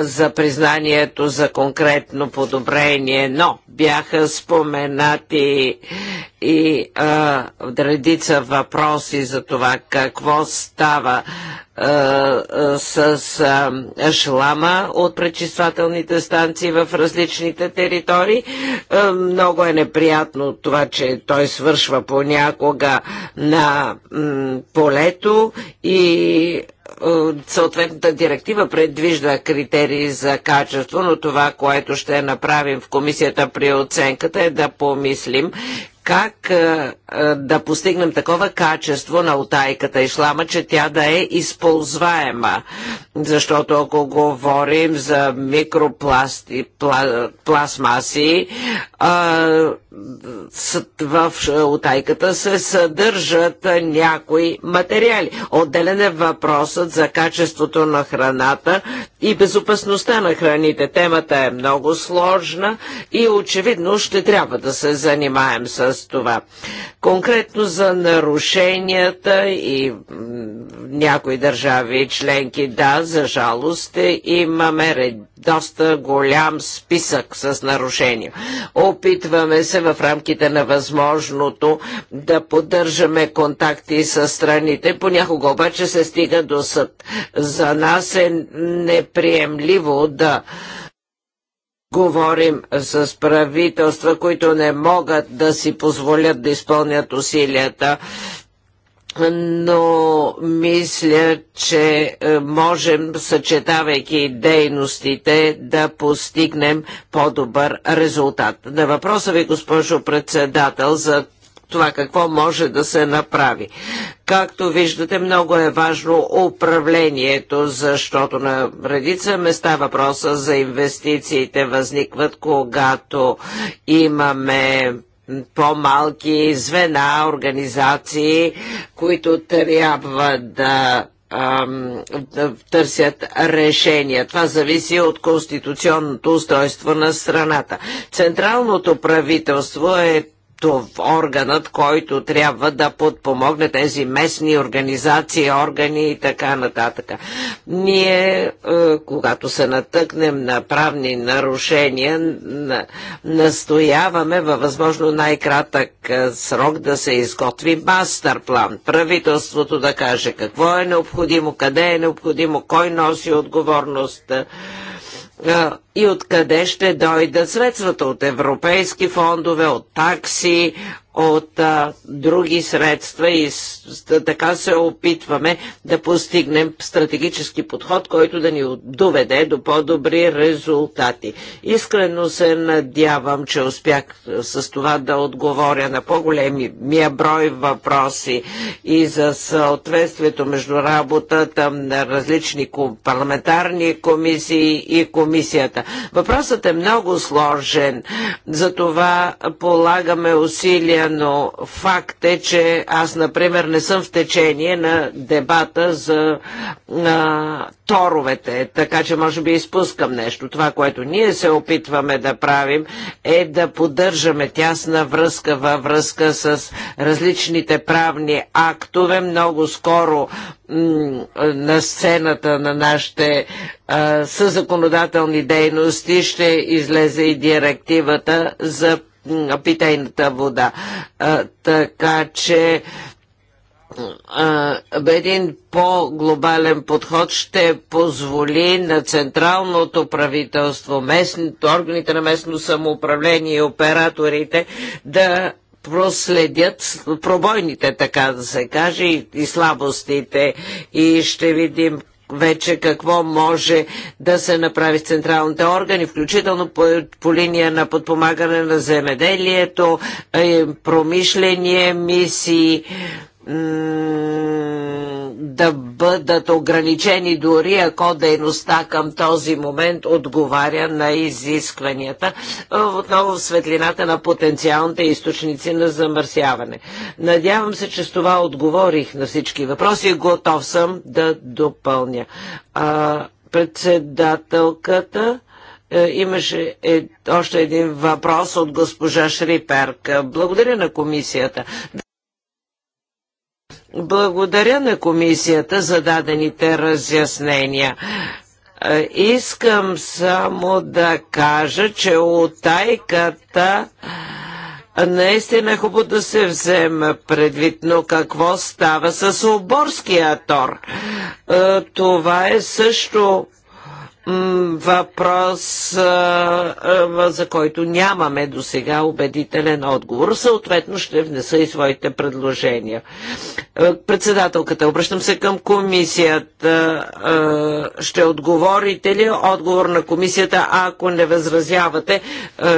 за признанието за конкретно подобрение, но бяха споменати и а, редица въпроси за това какво става а, а, с а, шлама от пречиствателните станции в различните територии. А, много е неприятно това, че той свършва понякога на м, полето и е, съответната директива предвижда критерии за качество, но това, което ще направим в комисията при оценката е да помислим как е, е, да постигнем такова качество на отайката и шлама, че тя да е използваема. Защото ако говорим за микропласти, пла, пластмаси, а, е, в отайката се съдържат някои материали. Отделен е въпросът за качеството на храната и безопасността на храните. Темата е много сложна и очевидно ще трябва да се занимаем с това. Конкретно за нарушенията и някои държави и членки, да, за жалост е, имаме доста голям списък с нарушения. Опитваме се в рамките на възможното да поддържаме контакти с страните, понякога обаче се стига до съд. За нас е неприемливо да Говорим с правителства, които не могат да си позволят да изпълнят усилията но мисля, че е, можем, съчетавайки дейностите, да постигнем по-добър резултат. На въпроса ви, госпожо председател, за това какво може да се направи. Както виждате, много е важно управлението, защото на редица места въпроса за инвестициите възникват, когато имаме по-малки звена, организации, които трябва да търсят решения. Това зависи от конституционното устройство на страната. Централното правителство е органът, който трябва да подпомогне тези местни организации, органи и така нататък. Ние, е, когато се натъкнем на правни нарушения, настояваме във възможно най-кратък е, срок да се изготви мастер план. Правителството да каже какво е необходимо, къде е необходимо, кой носи отговорност е, и откъде ще дойдат средствата от европейски фондове, от такси, от а, други средства и с, така се опитваме да постигнем стратегически подход, който да ни доведе до по-добри резултати. Искрено се надявам, че успях с това да отговоря на по-големия брой въпроси и за съответствието между работата на различни парламентарни комисии и комисията хората. Въпросът е много сложен, затова полагаме усилия, но факт е, че аз, например, не съм в течение на дебата за а, торовете, така че може би изпускам нещо. Това, което ние се опитваме да правим, е да поддържаме тясна връзка във връзка с различните правни актове. Много скоро на сцената на нашите съзаконодателни дейности ще излезе и директивата за питейната вода. А, така че един по-глобален подход ще позволи на централното правителство, местните, органите на местно самоуправление и операторите да проследят пробойните, така да се каже, и, и слабостите. И ще видим вече какво може да се направи с централните органи, включително по, по линия на подпомагане на земеделието, е, промишление, мисии да бъдат ограничени дори ако дейността към този момент отговаря на изискванията, отново в светлината на потенциалните източници на замърсяване. Надявам се, че с това отговорих на всички въпроси. Готов съм да допълня. А, председателката е, имаше е, още един въпрос от госпожа Шриперк. Благодаря на комисията. Благодаря на комисията за дадените разяснения. Е, искам само да кажа, че утайката наистина е хубаво да се вземе предвид, но какво става с оборския тор? Е, това е също въпрос, за който нямаме до сега убедителен отговор. Съответно ще внеса и своите предложения. Председателката, обръщам се към комисията. Ще отговорите ли отговор на комисията? Ако не възразявате,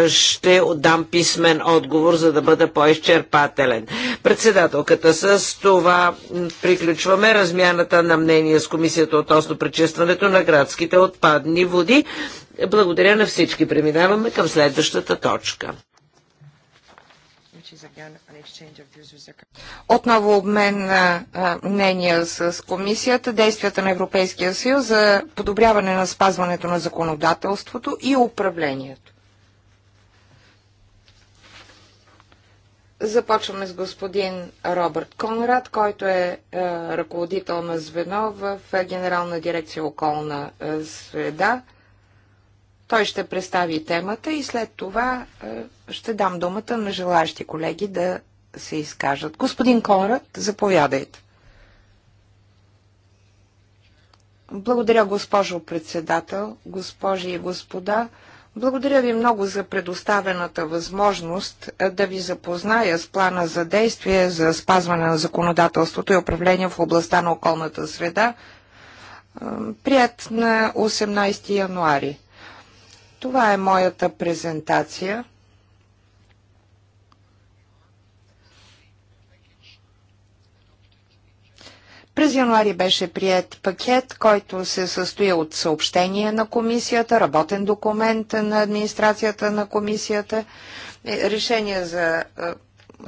ще отдам писмен отговор, за да бъда по-изчерпателен. Председателката, с това приключваме размяната на мнение с комисията относно пречистването на градските отпадъци отпадни води. Благодаря на всички. Преминаваме към следващата точка. Отново обмен на мнения с комисията, действията на Европейския съюз за подобряване на спазването на законодателството и управлението. Започваме с господин Робърт Конрад, който е, е ръководител на звено в е, Генерална дирекция околна е, среда. Той ще представи темата и след това е, ще дам думата на желаящи колеги да се изкажат. Господин Конрад, заповядайте. Благодаря, госпожо председател, госпожи и господа. Благодаря ви много за предоставената възможност е, да ви запозная с плана за действие за спазване на законодателството и управление в областта на околната среда, е, прият на 18 януари. Това е моята презентация. През януари беше прият пакет, който се състои от съобщение на комисията, работен документ на администрацията на комисията, е, решение за е,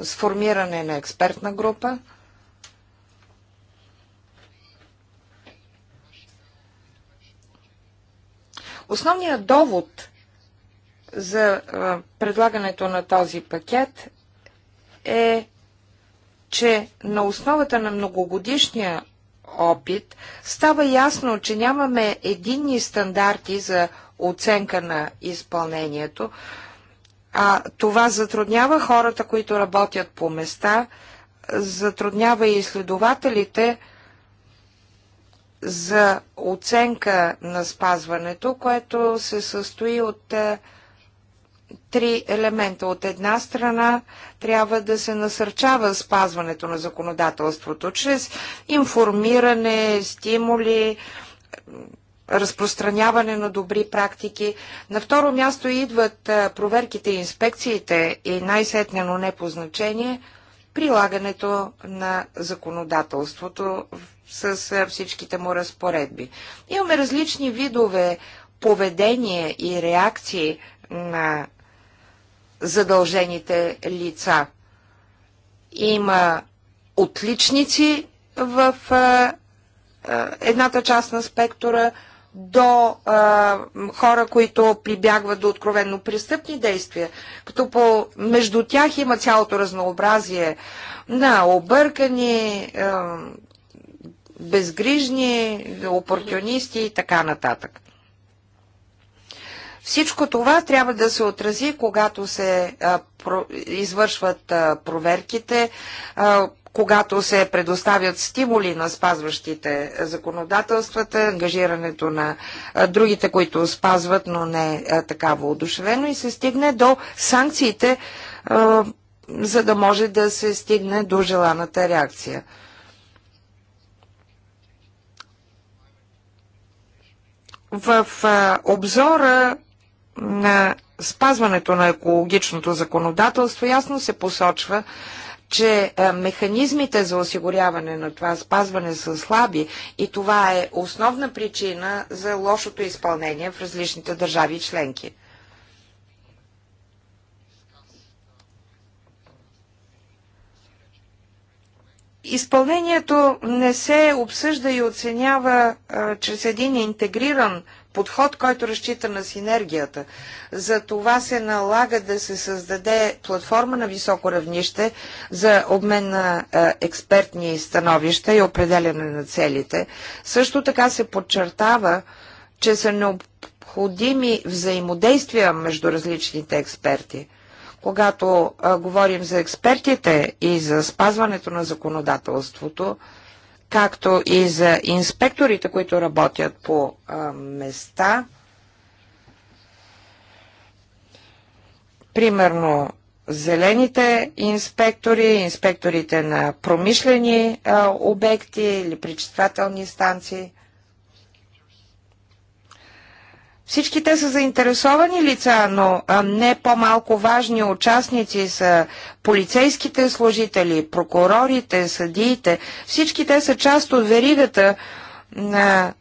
сформиране на експертна група. Основният довод за е, предлагането на този пакет е че на основата на многогодишния опит става ясно, че нямаме единни стандарти за оценка на изпълнението, а това затруднява хората, които работят по места, затруднява и изследователите за оценка на спазването, което се състои от е, три елемента. От една страна трябва да се насърчава спазването на законодателството чрез информиране, стимули, разпространяване на добри практики. На второ място идват проверките и инспекциите и най-сетне, но не по значение, прилагането на законодателството с всичките му разпоредби. Имаме различни видове поведение и реакции на задължените лица. Има отличници в а, едната част на спектъра до а, хора, които прибягват до откровенно престъпни действия, като по, между тях има цялото разнообразие на объркани, а, безгрижни, опортунисти и така нататък. Всичко това трябва да се отрази, когато се а, про, извършват а, проверките, а, когато се предоставят стимули на спазващите законодателствата, ангажирането на другите, които спазват, но не такава одушевено и се стигне до санкциите, за да може да се стигне до желаната реакция. В обзора на спазването на екологичното законодателство ясно се посочва, че е, механизмите за осигуряване на това спазване са слаби и това е основна причина за лошото изпълнение в различните държави и членки. Изпълнението не се обсъжда и оценява а, е, чрез един интегриран подход, който разчита на синергията. За това се налага да се създаде платформа на високо равнище за обмен на е, експертни становища и определяне на целите. Също така се подчертава, че са необходими взаимодействия между различните експерти. Когато е, говорим за експертите и за спазването на законодателството, както и за инспекторите, които работят по а, места. Примерно, зелените инспектори, инспекторите на промишлени а, обекти или причествателни станции. Всички те са заинтересовани лица, но не по-малко важни участници са полицейските служители, прокурорите, съдиите. Всички те са част от веригата на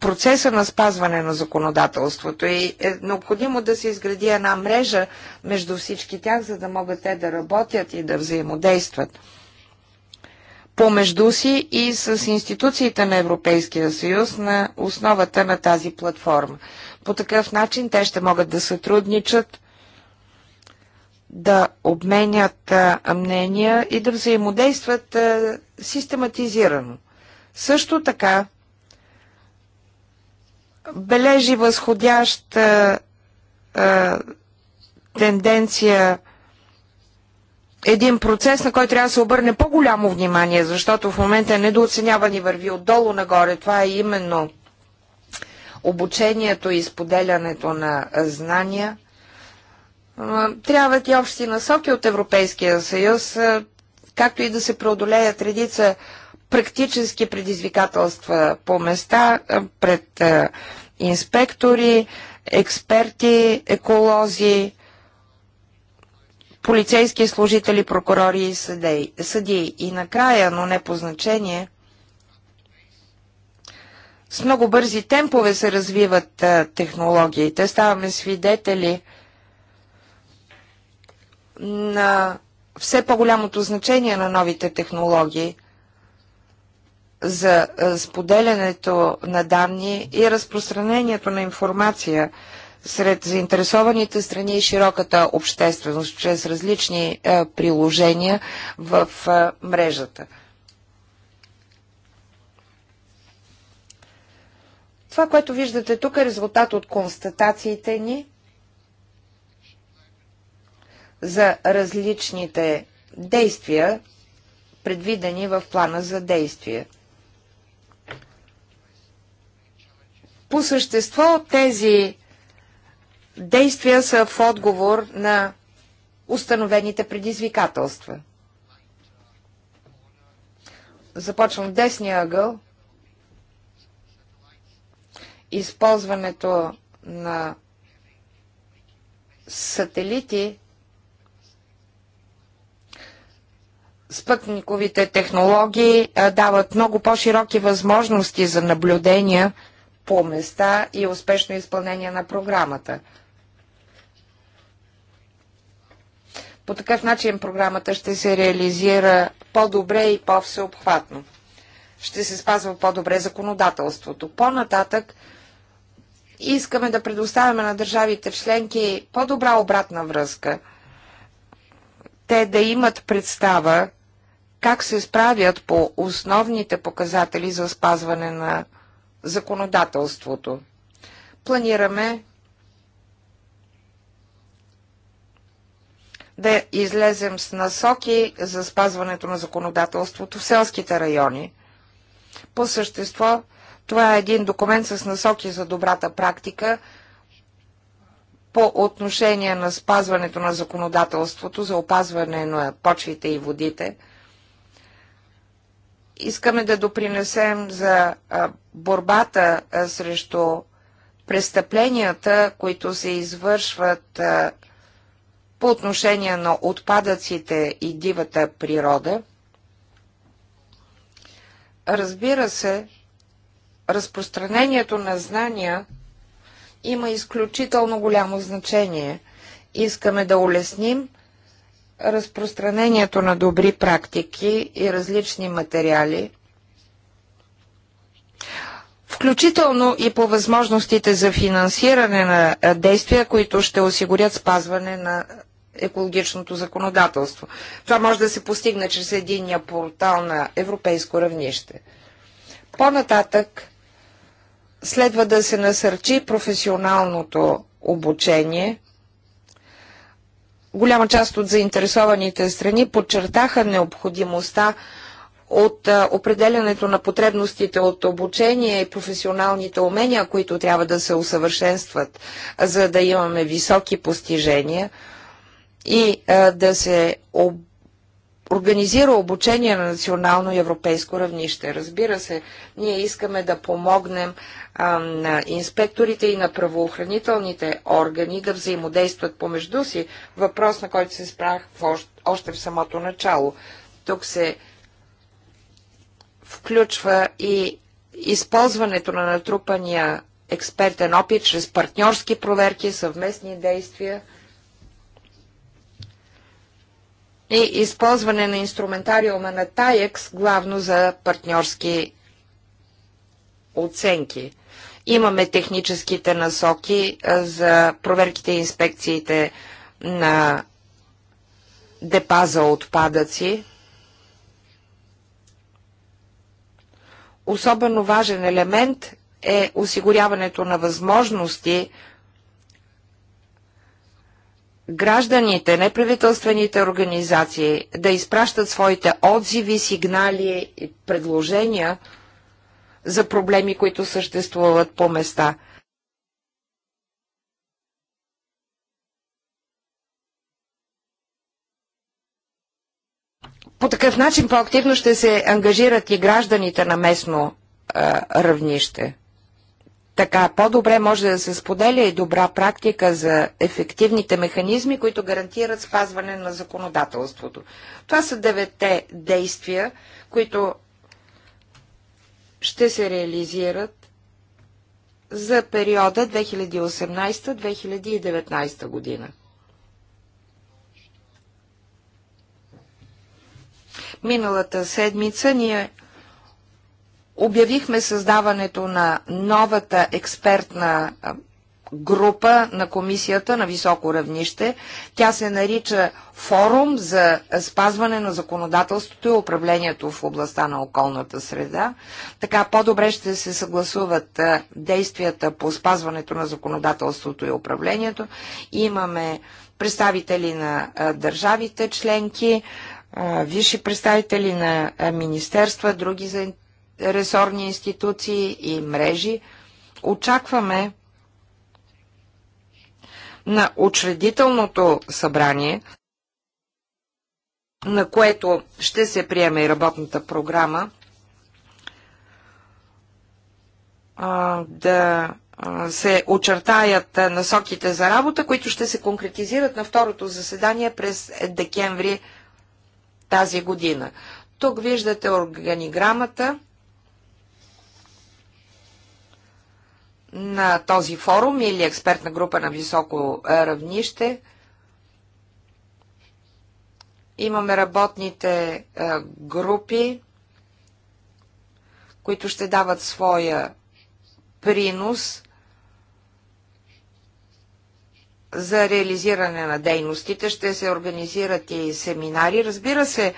процеса на спазване на законодателството и е необходимо да се изгради една мрежа между всички тях, за да могат те да работят и да взаимодействат помежду си и с институциите на Европейския съюз на основата на тази платформа. По такъв начин те ще могат да сътрудничат, да обменят мнения и да взаимодействат систематизирано. Също така, бележи възходяща тенденция един процес, на който трябва да се обърне по-голямо внимание, защото в момента е върви отдолу нагоре. Това е именно обучението и споделянето на знания. Трябват и общи насоки от Европейския съюз, както и да се преодолеят редица практически предизвикателства по места пред инспектори, експерти, еколози, полицейски служители, прокурори и съдии. И накрая, но не по значение, с много бързи темпове се развиват а, технологиите. Ставаме свидетели на все по-голямото значение на новите технологии за споделянето на данни и разпространението на информация сред заинтересованите страни и широката общественост чрез различни приложения в мрежата. Това, което виждате тук е резултат от констатациите ни за различните действия, предвидени в плана за действие. По същество тези действия са в отговор на установените предизвикателства. Започвам десния ъгъл – използването на сателити спътниковите технологии дават много по-широки възможности за наблюдения по места и успешно изпълнение на програмата. По такъв начин програмата ще се реализира по-добре и по-всеобхватно. Ще се спазва по-добре законодателството. По-нататък Искаме да предоставяме на държавите членки по-добра обратна връзка. Те да имат представа как се справят по основните показатели за спазване на законодателството. Планираме да излезем с насоки за спазването на законодателството в селските райони. По същество това е един документ с насоки за добрата практика по отношение на спазването на законодателството за опазване на почвите и водите. Искаме да допринесем за борбата срещу престъпленията, които се извършват по отношение на отпадъците и дивата природа. Разбира се, разпространението на знания има изключително голямо значение. Искаме да улесним разпространението на добри практики и различни материали, включително и по възможностите за финансиране на действия, които ще осигурят спазване на екологичното законодателство. Това може да се постигне чрез единния портал на европейско равнище. По-нататък Следва да се насърчи професионалното обучение. Голяма част от заинтересованите страни подчертаха необходимостта от определянето на потребностите от обучение и професионалните умения, които трябва да се усъвършенстват, за да имаме високи постижения и да се обучаваме организира обучение на национално и европейско равнище. Разбира се, ние искаме да помогнем а, на инспекторите и на правоохранителните органи да взаимодействат помежду си, въпрос на който се спрах в още в самото начало. Тук се включва и използването на натрупания експертен опит чрез партньорски проверки, съвместни действия – и използване на инструментариума на ТАЕКС главно за партньорски оценки. Имаме техническите насоки за проверките и инспекциите на депа за отпадъци. Особено важен елемент е осигуряването на възможности гражданите, неправителствените организации да изпращат своите отзиви, сигнали и предложения за проблеми, които съществуват по места. По такъв начин по-активно ще се ангажират и гражданите на местно а, равнище. Така по-добре може да се споделя и добра практика за ефективните механизми, които гарантират спазване на законодателството. Това са девете действия, които ще се реализират за периода 2018-2019 година. Миналата седмица ние Обявихме създаването на новата експертна група на комисията на високо равнище. Тя се нарича Форум за спазване на законодателството и управлението в областта на околната среда. Така по-добре ще се съгласуват действията по спазването на законодателството и управлението. Имаме представители на държавите членки, висши представители на министерства, други ресорни институции и мрежи. Очакваме на учредителното събрание, на което ще се приеме и работната програма, да се очертаят насоките за работа, които ще се конкретизират на второто заседание през декември тази година. Тук виждате органиграмата на този форум или експертна група на високо е, равнище. Имаме работните е, групи, които ще дават своя принос за реализиране на дейностите. Ще се организират и семинари. Разбира се,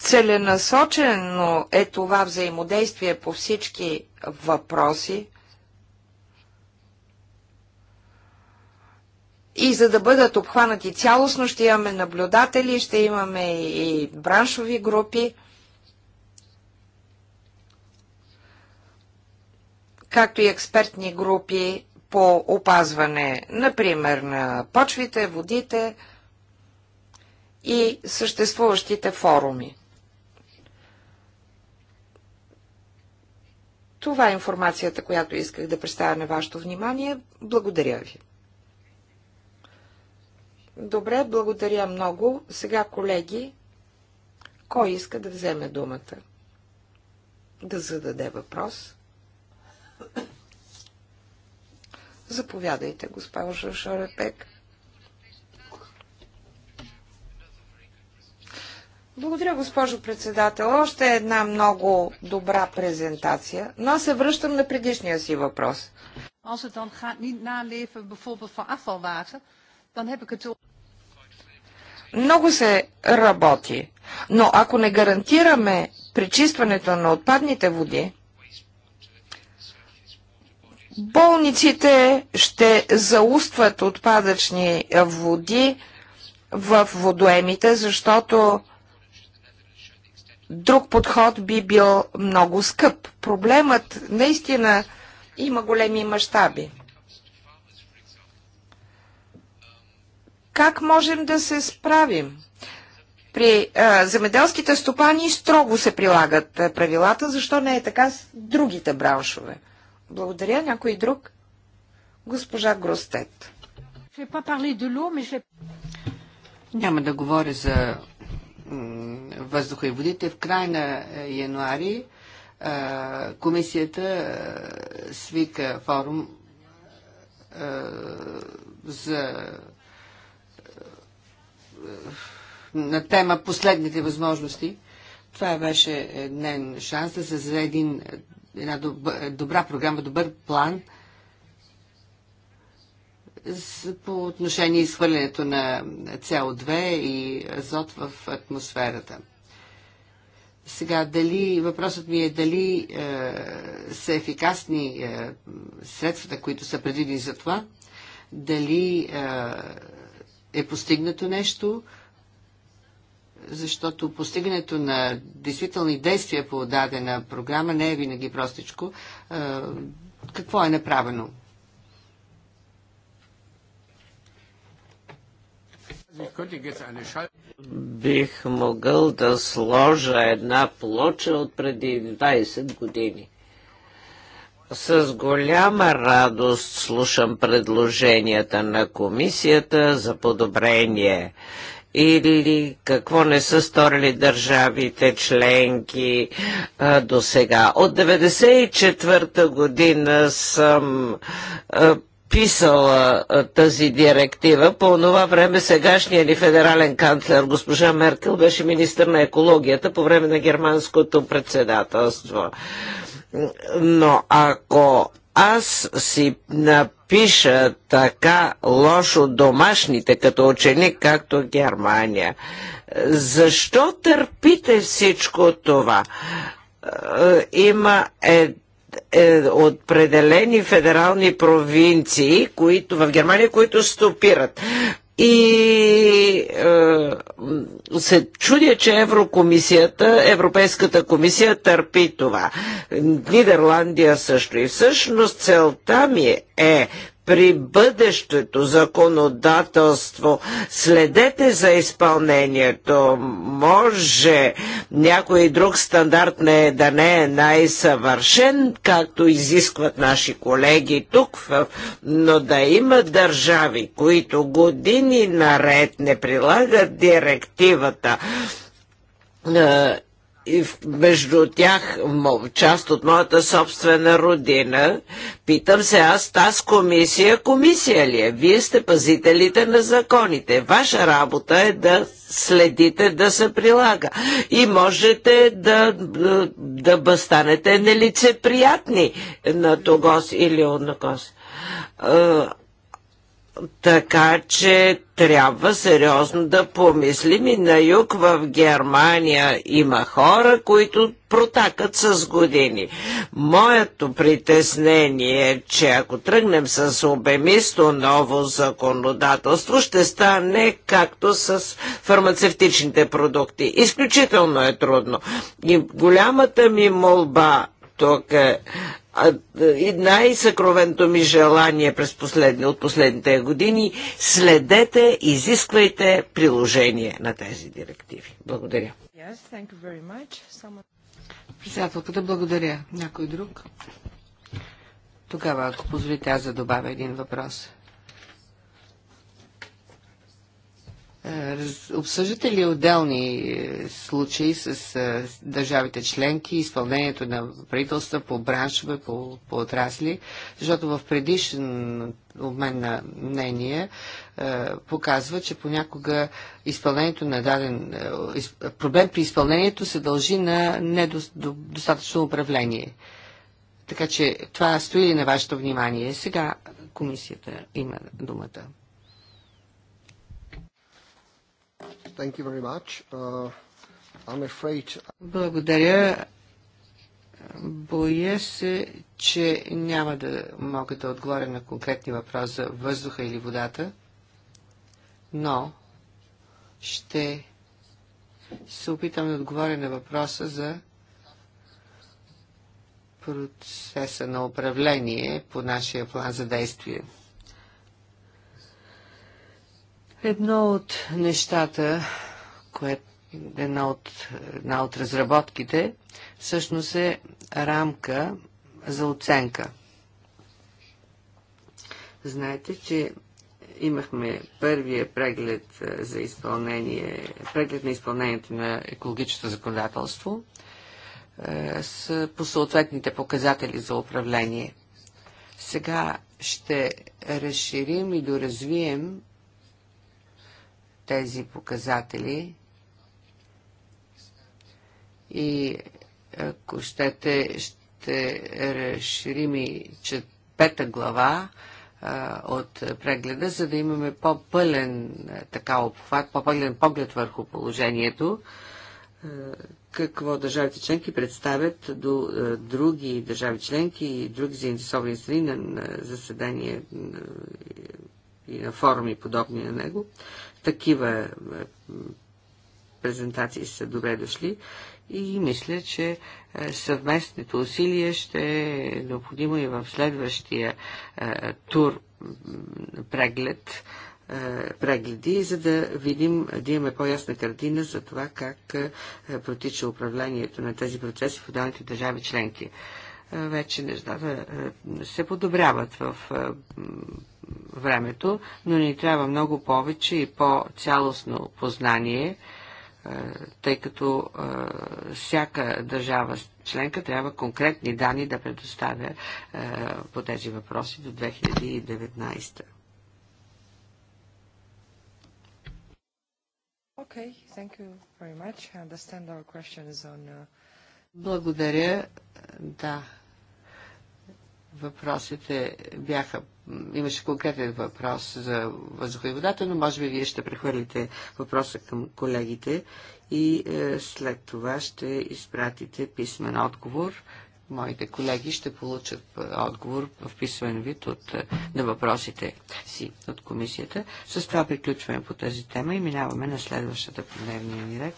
целенасочено е това взаимодействие по всички въпроси. И за да бъдат обхванати цялостно, ще имаме наблюдатели, ще имаме и браншови групи. както и експертни групи по опазване, например, на почвите, водите и съществуващите форуми. Това е информацията, която исках да представя на вашето внимание. Благодаря ви. Добре, благодаря много. Сега, колеги, кой иска да вземе думата? Да зададе въпрос. Заповядайте, госпожо Шарапек. Благодаря, госпожо председател. Още една много добра презентация, но аз се връщам на предишния си въпрос. Много се работи, но ако не гарантираме пречистването на отпадните води, болниците ще заустват отпадъчни води в водоемите, защото друг подход би бил много скъп. Проблемът наистина има големи мащаби. Как можем да се справим? При а, земеделските стопани строго се прилагат правилата, защо не е така с другите браншове? Благодаря. Някой друг? Госпожа Гростет. Няма да говоря за въздуха и водите. В край на е, януари комисията свика форум за на тема последните възможности. Това беше е, днен шанс да се зададе един, една добра програма, добър план – по отношение изхвърлянето на CO2 и азот в атмосферата. Сега, дали, въпросът ми е дали е, са ефикасни е, средствата, които са предвидени за това, дали е, е постигнато нещо, защото постигането на действителни действия по дадена програма не е винаги простичко. Е, какво е направено? Бих могъл да сложа една плоча от преди 20 години. С голяма радост слушам предложенията на комисията за подобрение или какво не са сторили държавите членки а, до сега. От 1994 година съм а, писала тази директива. По това време сегашният ни федерален канцлер госпожа Меркел беше министър на екологията по време на германското председателство. Но ако аз си напиша така лошо домашните като ученик, както Германия, защо търпите всичко това? Е, има една е, определени федерални провинции, които в Германия, които стопират. И е, се чудя, че Еврокомисията, Европейската комисия търпи това. Нидерландия също. И всъщност целта ми е при бъдещето законодателство. Следете за изпълнението. Може някой друг стандарт не е да не е най-съвършен, както изискват наши колеги тук, но да има държави, които години наред не прилагат директивата и между тях част от моята собствена родина. Питам се аз, тази комисия, комисия ли е? Вие сте пазителите на законите. Ваша работа е да следите да се прилага. И можете да, да, да станете нелицеприятни на тогос или от така че трябва сериозно да помислим и на юг в Германия има хора, които протакат с години. Моето притеснение е, че ако тръгнем с обемисто ново законодателство, ще стане както с фармацевтичните продукти. Изключително е трудно. И голямата ми молба тук е е, и най-съкровенто ми желание през последни, от последните години следете, изисквайте приложение на тези директиви. Благодаря. Yes, thank you very much. Someone... Председателката, благодаря. Някой друг? Тогава, ако позволите, аз да добавя един въпрос. Е, обсъждате ли отделни е, случаи с е, държавите членки, изпълнението на правителства по браншове, по, по отрасли? Защото в предишен обмен на мнение показва, че понякога изпълнението на даден проблем при изпълнението се дължи на недостатъчно управление. Така че това стои ли на вашето внимание? Сега комисията има думата. Thank you very much. Uh, I'm afraid... Благодаря. Боя се, че няма да мога да отговоря на конкретни въпроси за въздуха или водата, но ще се опитам да отговоря на въпроса за процеса на управление по нашия план за действие. Едно от нещата, което е една от, една от разработките, всъщност е рамка за оценка. Знаете, че имахме първия преглед за изпълнение, преглед на изпълнението на екологичното законодателство с, по съответните показатели за управление. Сега ще разширим и доразвием тези показатели и ако щете, ще разширим и пета глава а, от прегледа, за да имаме по-пълен така обхват, по-пълен поглед върху положението, а, какво държавите членки представят до а, други държави членки и други заинтересовани страни на, на заседание на, и на форуми подобни на него. Такива е, презентации са добре дошли и мисля, че е, съвместните усилия ще е необходимо и в следващия е, тур преглед прегледи, за да видим, да имаме по-ясна картина за това как протича управлението на тези процеси в отделните държави членки. Вече нещата се подобряват в времето, но ни трябва много повече и по-цялостно познание, е, тъй като е, всяка държава членка трябва конкретни данни да предоставя е, по тези въпроси до 2019. Okay, thank you very much. I understand our question is on... Uh... Благодаря. Да, Въпросите бяха... Имаше конкретен въпрос за въздуха и водата, но може би вие ще прехвърлите въпроса към колегите и е, след това ще изпратите писмен отговор. Моите колеги ще получат е, отговор в писмен вид от, е, на въпросите си от комисията. С това приключваме по тази тема и минаваме на следващата по дневния ни ред.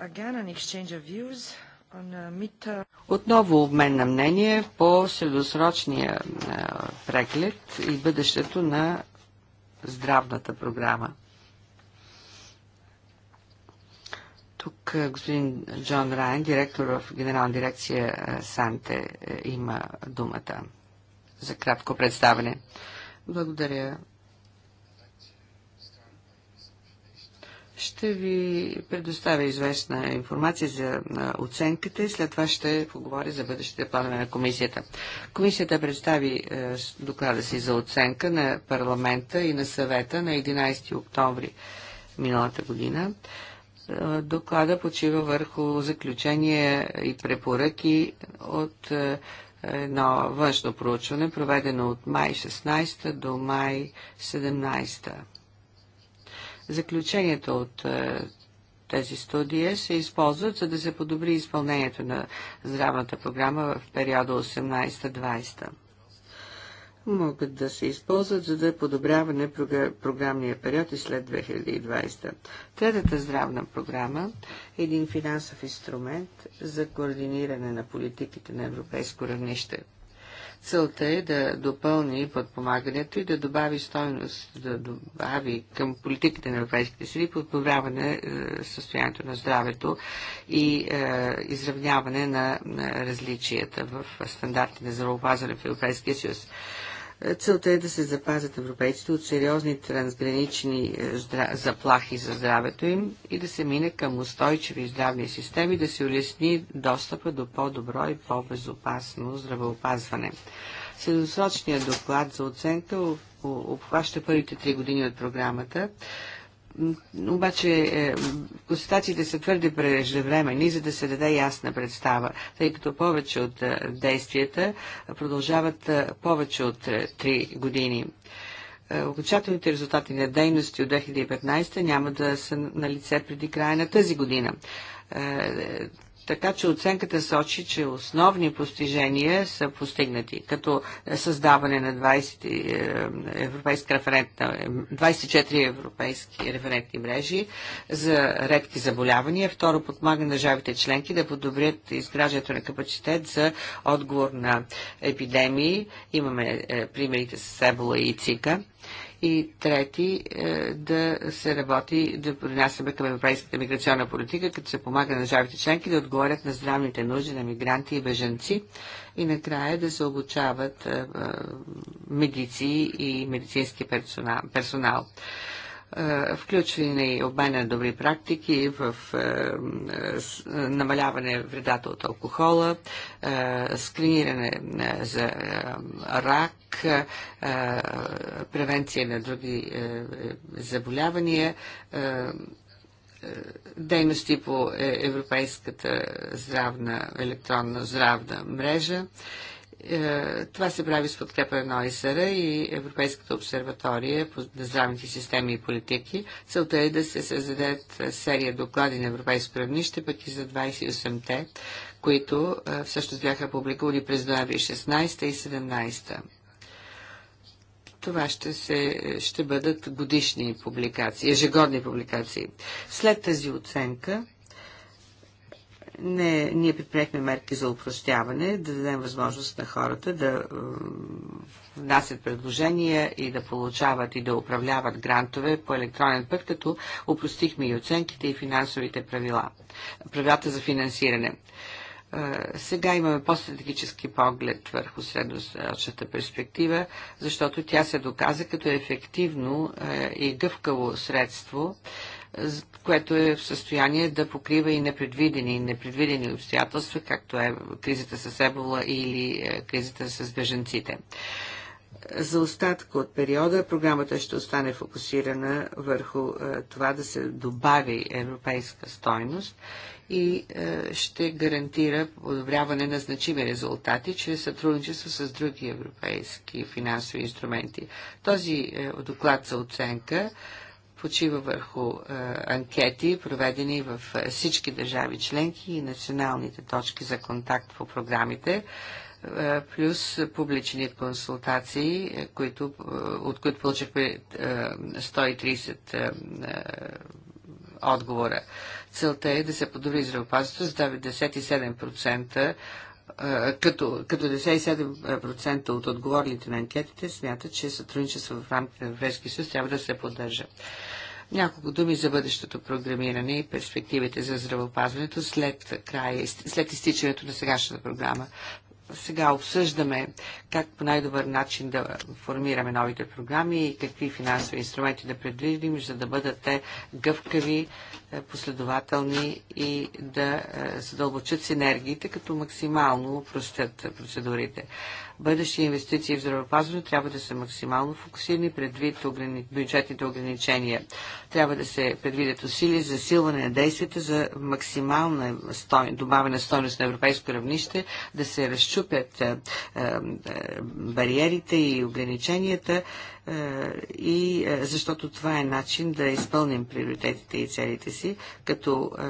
Uh, Отново обмен на мнение по средосрочния е, преглед и бъдещето на здравната програма. Тук е, господин Джон Райан, директор в Генерална дирекция е, Санте, има думата за кратко представене. Благодаря, Ще ви предоставя известна информация за оценката и след това ще поговоря за бъдещите планове на комисията. Комисията представи е, доклада си за оценка на парламента и на съвета на 11 октомври миналата година. Е, доклада почива върху заключения и препоръки от е, едно външно проучване, проведено от май 16 до май 17. Заключенията от е, тези студии се използват, за да се подобри изпълнението на здравната програма в периода 18-20. Могат да се използват, за да е подобряване програмния период и след 2020. Третата здравна програма е един финансов инструмент за координиране на политиките на европейско равнище. Целта е да допълни подпомагането и да добави стойност, да добави към политиките на Европейските сили подобряване е, състоянието на здравето и е, изравняване на, на различията в стандарти на здравеопазване в Европейския съюз. Целта е да се запазят европейците от сериозни трансгранични е, заплахи за здравето им и да се мине към устойчиви здравни системи, да се улесни достъпа до по-добро и по-безопасно здравеопазване. Средосрочният доклад за оценка обхваща първите три години от програмата. Обаче е, констатациите са твърде преждевремени, за да се даде ясна представа, тъй като повече от е, действията продължават е, повече от 3 години. Окончателните резултати на дейности от 2015 няма да са на лице преди края на тази година така че оценката сочи, че основни постижения са постигнати, като създаване на 20 европейски 24 европейски референтни мрежи за редки заболявания. Второ, подмага на държавите членки да подобрят изграждането на капацитет за отговор на епидемии. Имаме е, примерите с Ебола и Цика и трети е, да се работи, да принасяме към европейската миграционна политика, като се помага на държавите членки да отговорят на здравните нужди на мигранти и бежанци и накрая да се обучават е, е, медици и медицински персонал. Е, включване и обмена на добри практики в е, е, намаляване вредата от алкохола, скриниране за рак, превенция на други заболявания, дейности по Европейската здравна, електронна здравна мрежа е, това се прави с подкрепа на ОИСР и Европейската обсерватория по здравните системи и политики. Целта е да се създадат е, серия доклади на европейско равнище, пък и за 28-те, които е, всъщност бяха публикувани през ноември 16 и 17. Това ще, се, ще бъдат годишни публикации, ежегодни публикации. След тази оценка не, ние предприехме мерки за упростяване, да дадем възможност на хората да внасят предложения и да получават и да управляват грантове по електронен път, като упростихме и оценките и финансовите правила, правилата за финансиране. Е, сега имаме по-стратегически поглед върху средносрочната перспектива, защото тя се доказа като ефективно е, и гъвкаво средство, което е в състояние да покрива и непредвидени, непредвидени обстоятелства, както е кризата с Ебола или е, кризата с беженците. За остатък от периода програмата ще остане фокусирана върху е, това да се добави европейска стойност и е, ще гарантира подобряване на значими резултати чрез сътрудничество с други европейски финансови инструменти. Този доклад за оценка почива върху е, анкети, проведени в е, всички държави членки и националните точки за контакт по програмите, е, плюс публични консултации, е, които, е, от които получихме е, 130 е, е, отговора. Целта е да се подобри здравеопазването с 97% като, като 97% от отговорните на анкетите смятат, че сътрудничество в рамките на Европейския съюз трябва да се поддържа. Няколко думи за бъдещото програмиране и перспективите за здравеопазването след, края, след изтичането на сегашната програма. Сега обсъждаме как по най-добър начин да формираме новите програми и какви финансови инструменти да предвидим, за да бъдат те гъвкави, е, последователни и да е, задълбочат синергиите, като максимално упростят процедурите. Бъдещи инвестиции в здравеопазване трябва да са максимално фокусирани предвид ограни... бюджетните ограничения. Трябва да се предвидят усилия за силване на действията за максимална стой... добавена стойност на европейско равнище, да се разчупят е, е, бариерите и ограниченията и е, защото това е начин да изпълним приоритетите и целите си, като е,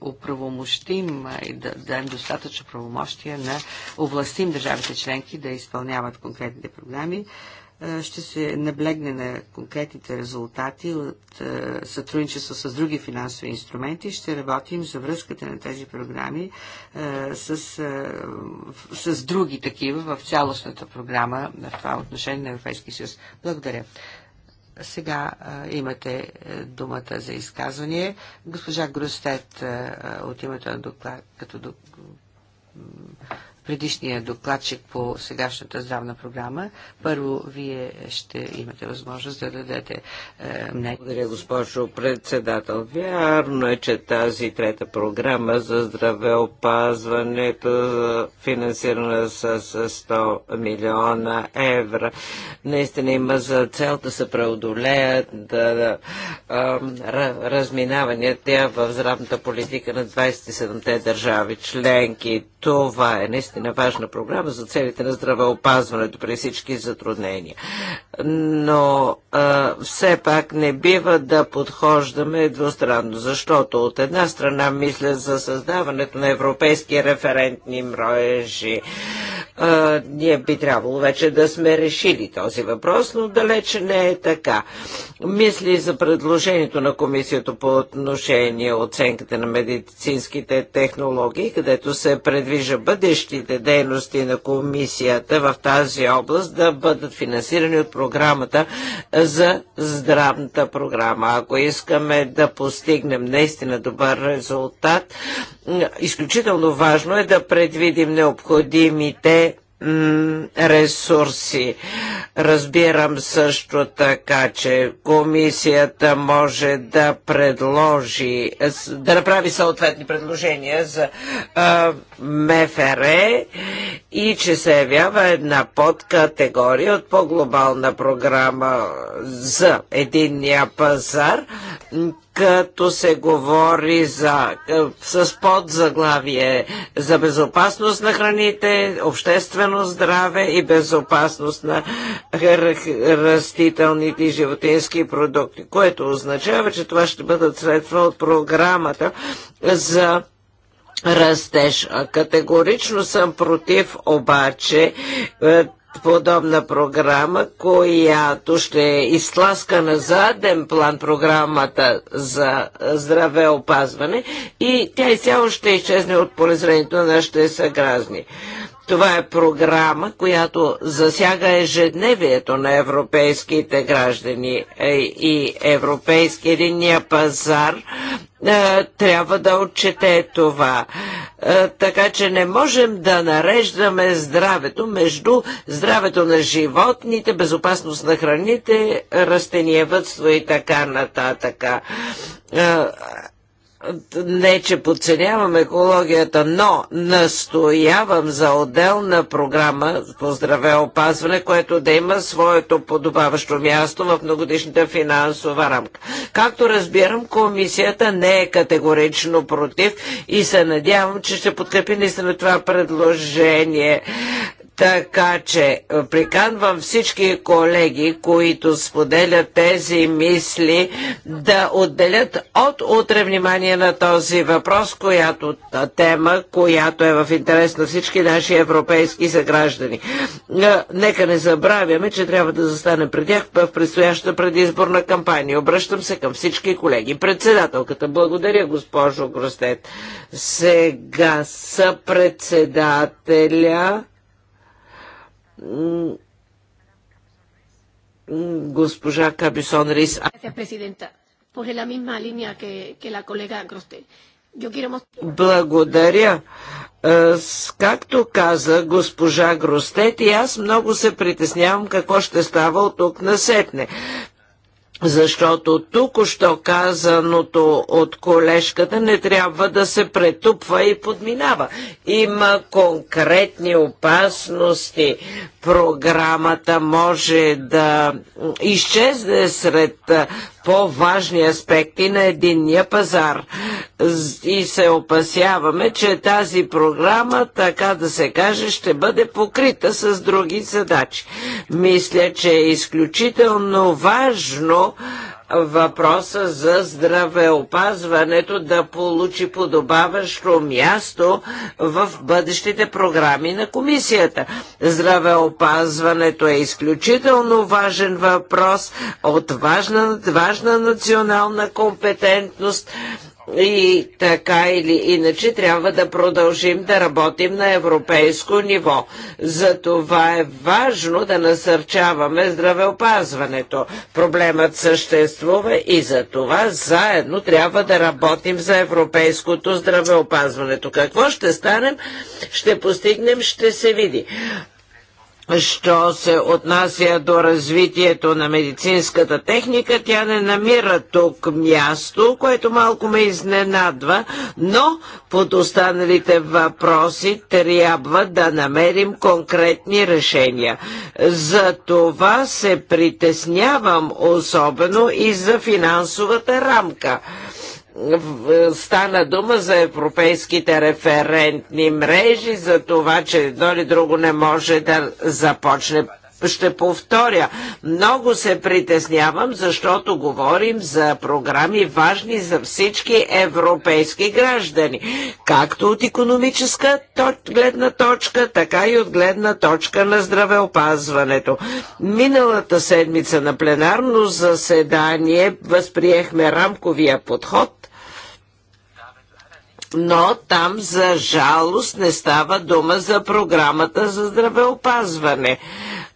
оправомощим е, и да дадем достатъчно правомощия на областим държавите членки да изпълняват конкретните програми. Е, ще се наблегне на конкретните резултати от е, сътрудничество с други финансови инструменти. Ще работим за връзката на тези програми е, с, с други такива в цялостната програма на това отношение на Европейския съюз. Благодаря. Сега имате думата за изказване. Госпожа Грустет от името на доклад, като предишния докладчик по сегашната здравна програма. Първо, вие ще имате възможност да дадете е, мнение. Благодаря, госпожо председател. Вярно е, че тази трета програма за здравеопазването, финансирана с 100 милиона евро, наистина има за цел да се преодолеят да, разминаванията в здравната политика на 27-те държави членки. Това е наистина важна програма за целите на здравеопазването при всички затруднения но а, все пак не бива да подхождаме двустранно, защото от една страна мисля за създаването на европейски референтни мрежи. А, ние би трябвало вече да сме решили този въпрос, но далече не е така. Мисли за предложението на комисията по отношение оценката на медицинските технологии, където се предвижда бъдещите дейности на комисията в тази област да бъдат финансирани от програмата за здравната програма. Ако искаме да постигнем наистина добър резултат, изключително важно е да предвидим необходимите ресурси. Разбирам също така, че комисията може да предложи, да направи съответни предложения за а, МФР и че се явява една подкатегория от по-глобална програма за единния пазар, като се говори за, е, с подзаглавие за безопасност на храните, обществено здраве и безопасност на растителните и животински продукти, което означава, че това ще бъдат средства от програмата за растеж. Категорично съм против обаче е, подобна програма, която ще е изтласка на заден план програмата за здраве опазване и тя изцяло ще изчезне от полезрението на нашите съгразни. Това е програма, която засяга ежедневието на европейските граждани е, и европейски единния пазар е, трябва да отчете това. Е, така че не можем да нареждаме здравето между здравето на животните, безопасност на храните, растениевътство и така нататък не, че подценявам екологията, но настоявам за отделна програма по здраве опазване, което да има своето подобаващо място в многодишната финансова рамка. Както разбирам, комисията не е категорично против и се надявам, че ще подкрепи наистина това предложение. Така че е, приканвам всички колеги, които споделят тези мисли, да отделят от утре внимание на този въпрос, която е, тема, която е в интерес на всички наши европейски съграждани. Е, нека не забравяме, че трябва да застане пред тях в предстояща предизборна кампания. Обръщам се към всички колеги. Председателката, благодаря госпожо Гростет. Сега са председателя госпожа Кабисон Рис. Благодаря. Е, както каза госпожа Гростет, и аз много се притеснявам какво ще става от тук на сетне защото тук що казаното от колежката не трябва да се претупва и подминава. Има конкретни опасности. Програмата може да изчезне сред по-важни аспекти на единния пазар. И се опасяваме, че тази програма, така да се каже, ще бъде покрита с други задачи. Мисля, че е изключително важно въпроса за здравеопазването да получи подобаващо място в бъдещите програми на комисията. Здравеопазването е изключително важен въпрос от важна, важна национална компетентност и така или иначе трябва да продължим да работим на европейско ниво. Затова е важно да насърчаваме здравеопазването. Проблемът съществува и за това заедно трябва да работим за европейското здравеопазването. Какво ще станем, ще постигнем, ще се види. Що се отнася до развитието на медицинската техника, тя не намира тук място, което малко ме изненадва, но под останалите въпроси трябва да намерим конкретни решения. За това се притеснявам особено и за финансовата рамка. Е, стана дума за европейските референтни мрежи, за това, че едно или друго не може да започне ще повторя, много се притеснявам, защото говорим за програми важни за всички европейски граждани, както от економическа гледна точка, така и от гледна точка на здравеопазването. Миналата седмица на пленарно заседание възприехме рамковия подход но там за жалост не става дума за програмата за здравеопазване.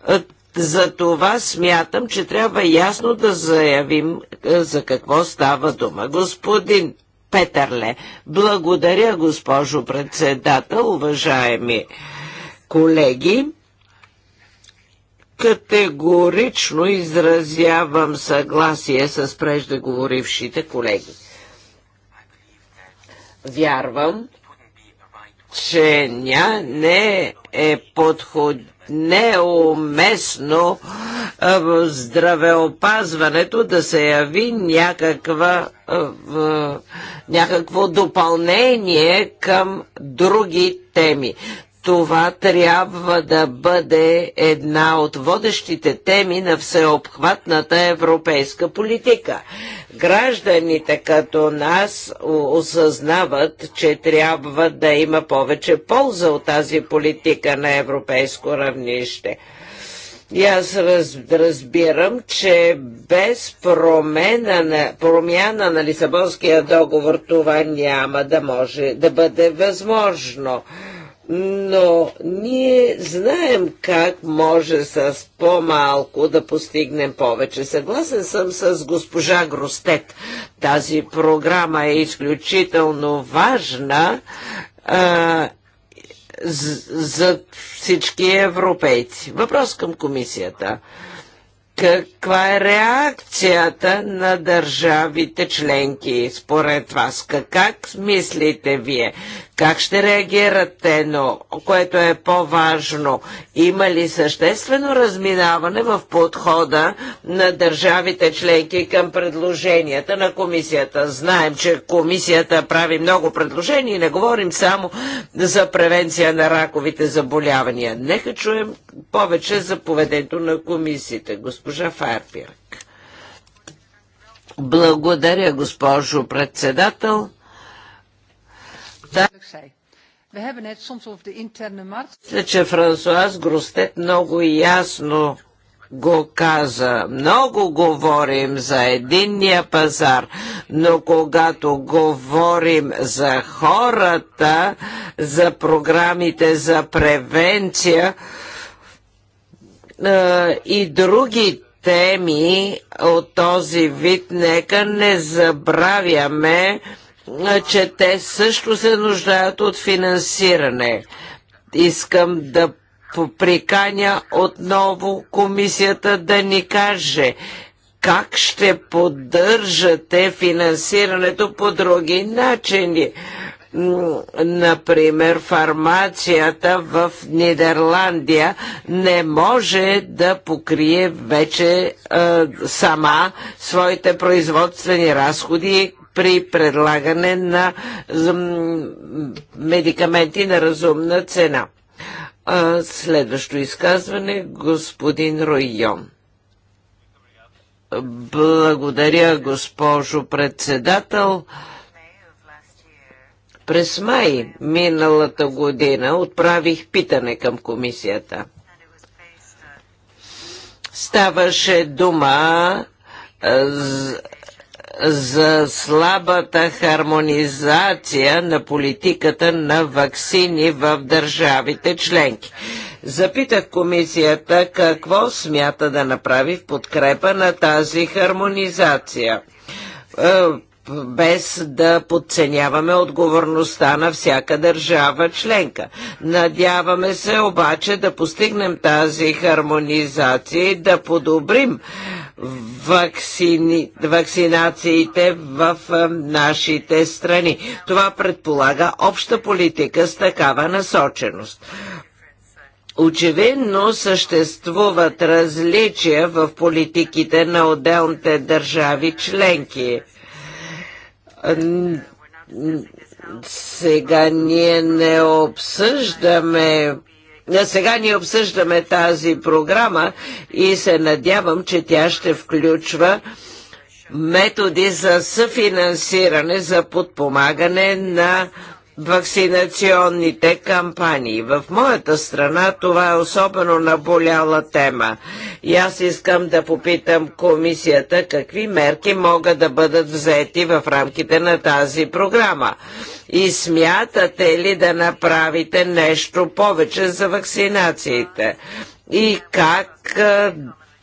Е, за това смятам, че трябва ясно да заявим е, за какво става дума. Господин Петърле, благодаря, госпожо председател, уважаеми колеги. Категорично изразявам съгласие с преждеговорившите колеги. Вярвам, че ня не е подход неуместно е в здравеопазването да се яви някаква, някакво допълнение към други теми това трябва да бъде една от водещите теми на всеобхватната европейска политика. Гражданите като нас осъзнават, че трябва да има повече полза от тази политика на европейско равнище. И аз раз, разбирам, че без промена на, промяна на Лисабонския договор това няма да може да бъде възможно но ние знаем как може с по-малко да постигнем повече. Съгласен съм с госпожа Гростет. Тази програма е изключително важна а, за всички европейци. Въпрос към комисията каква е реакцията на държавите членки според вас? Как мислите вие? Как ще реагират те, но което е по-важно? Има ли съществено разминаване в подхода на държавите членки към предложенията на комисията? Знаем, че комисията прави много предложения и не говорим само за превенция на раковите заболявания. Нека чуем повече за поведението на комисиите, господин госпожа Файербирк. Благодаря, госпожо председател. Мисля, че Франсуаз Гростет много ясно го каза. Много говорим за единния пазар, но когато говорим за хората, за програмите за превенция, и други теми от този вид, нека не забравяме, че те също се нуждаят от финансиране. Искам да приканя отново комисията да ни каже как ще поддържате финансирането по други начини Например, фармацията в Нидерландия не може да покрие вече а, е, сама своите производствени разходи при предлагане на медикаменти на разумна цена. Следващо изказване господин Ройон. Благодаря, госпожо председател. През май миналата година отправих питане към комисията. Ставаше дума за слабата хармонизация на политиката на ваксини в държавите членки. Запитах комисията какво смята да направи в подкрепа на тази хармонизация. Е, без да подценяваме отговорността на всяка държава членка. Надяваме се обаче да постигнем тази хармонизация и да подобрим вакцини, вакцинациите в нашите страни. Това предполага обща политика с такава насоченост. Очевидно съществуват различия в политиките на отделните държави членки сега ние не обсъждаме сега ние обсъждаме тази програма и се надявам, че тя ще включва методи за съфинансиране, за подпомагане на вакцинационните кампании. В моята страна това е особено наболяла тема. И аз искам да попитам комисията какви мерки могат да бъдат взети в рамките на тази програма. И смятате ли да направите нещо повече за вакцинациите? И как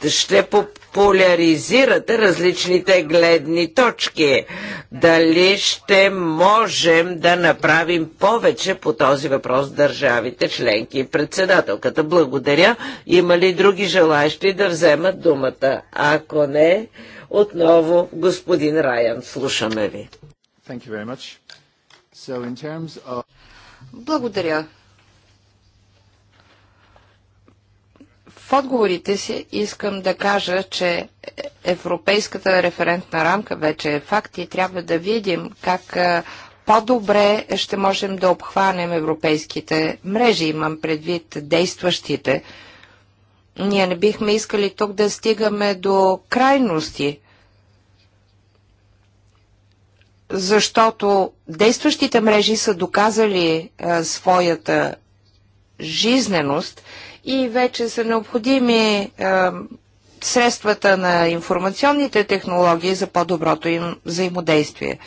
ще поляризирате различните гледни точки. Дали ще можем да направим повече по този въпрос държавите членки и председателката? Благодаря. Има ли други желаящи да вземат думата? Ако не, отново господин Райан, слушаме ви. Благодаря. отговорите си искам да кажа, че Европейската референтна рамка вече е факт и трябва да видим как по-добре ще можем да обхванем европейските мрежи, имам предвид действащите. Ние не бихме искали тук да стигаме до крайности, защото действащите мрежи са доказали а, своята жизненост и вече са необходими е, средствата на информационните технологии за по-доброто им взаимодействие.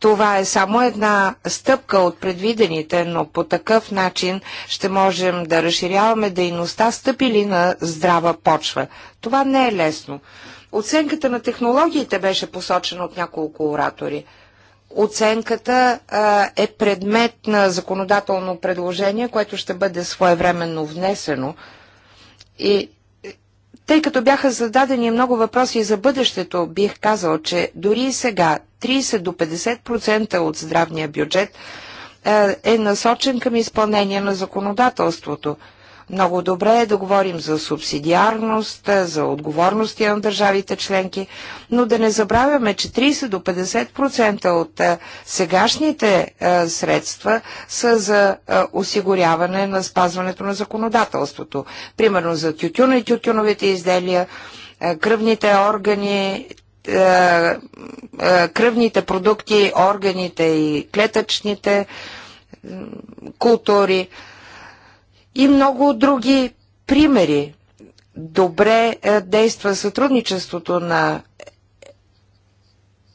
Това е само една стъпка от предвидените, но по такъв начин ще можем да разширяваме дейността стъпили на здрава почва. Това не е лесно. Оценката на технологиите беше посочена от няколко оратори – Оценката а, е предмет на законодателно предложение, което ще бъде своевременно внесено. И е, тъй като бяха зададени много въпроси за бъдещето, бих казал, че дори и сега 30 до 50% от здравния бюджет е, е насочен към изпълнение на законодателството – много добре е да говорим за субсидиарност, за отговорности на държавите членки, но да не забравяме, че 30 до 50% от сегашните средства са за осигуряване на спазването на законодателството. Примерно за тютюна и тютюновите изделия, кръвните органи, кръвните продукти, органите и клетъчните култури. И много други примери. Добре е, действа сътрудничеството на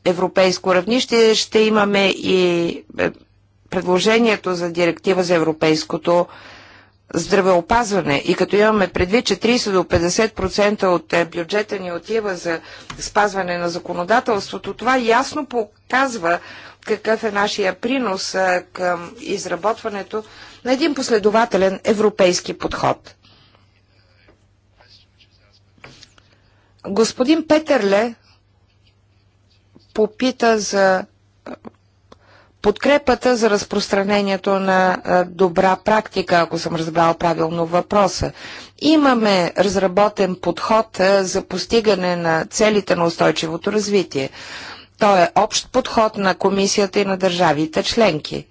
европейско равнище. Ще имаме и е, предложението за директива за европейското здравеопазване и като имаме предвид, че 30 до 50% от е, бюджета ни отива за спазване на законодателството, това ясно показва какъв е нашия принос е, към изработването на един последователен европейски подход. Господин Петърле попита за подкрепата за разпространението на добра практика, ако съм разбрал правилно въпроса. Имаме разработен подход за постигане на целите на устойчивото развитие. Той е общ подход на комисията и на държавите членки.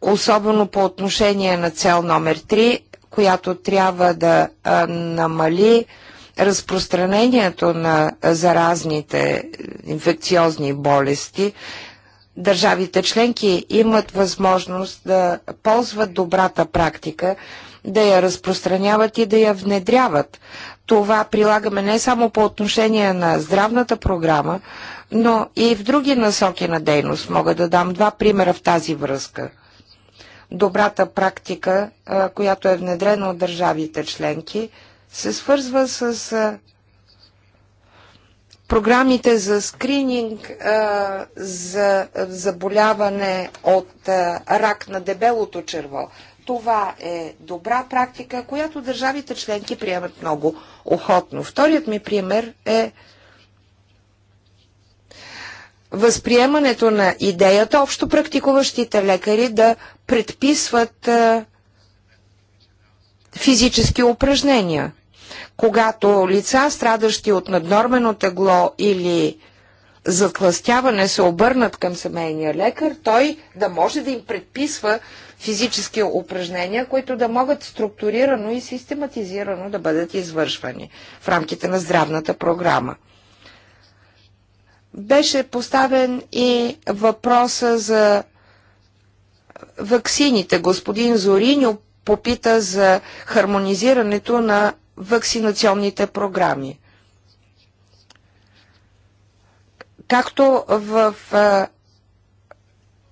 Особено по отношение на цел номер 3, която трябва да намали разпространението на заразните инфекциозни болести държавите членки имат възможност да ползват добрата практика, да я разпространяват и да я внедряват. Това прилагаме не само по отношение на здравната програма, но и в други насоки на дейност. Мога да дам два примера в тази връзка. Добрата практика, която е внедрена от държавите членки, се свързва с програмите за скрининг а, за заболяване от а, рак на дебелото черво. Това е добра практика, която държавите членки приемат много охотно. Вторият ми пример е възприемането на идеята общо практикуващите лекари да предписват а, физически упражнения – когато лица, страдащи от наднормено тегло или затластяване, се обърнат към семейния лекар, той да може да им предписва физически упражнения, които да могат структурирано и систематизирано да бъдат извършвани в рамките на здравната програма. Беше поставен и въпроса за ваксините. Господин Зориньо попита за хармонизирането на вакцинационните програми. Както в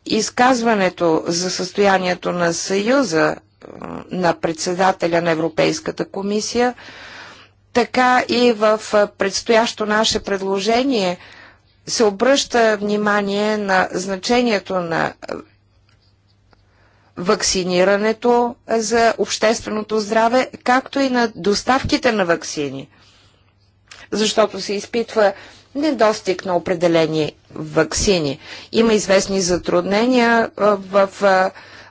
изказването за състоянието на Съюза на председателя на Европейската комисия, така и в предстоящо наше предложение се обръща внимание на значението на вакцинирането за общественото здраве, както и на доставките на вакцини, защото се изпитва недостиг на определени вакцини. Има известни затруднения в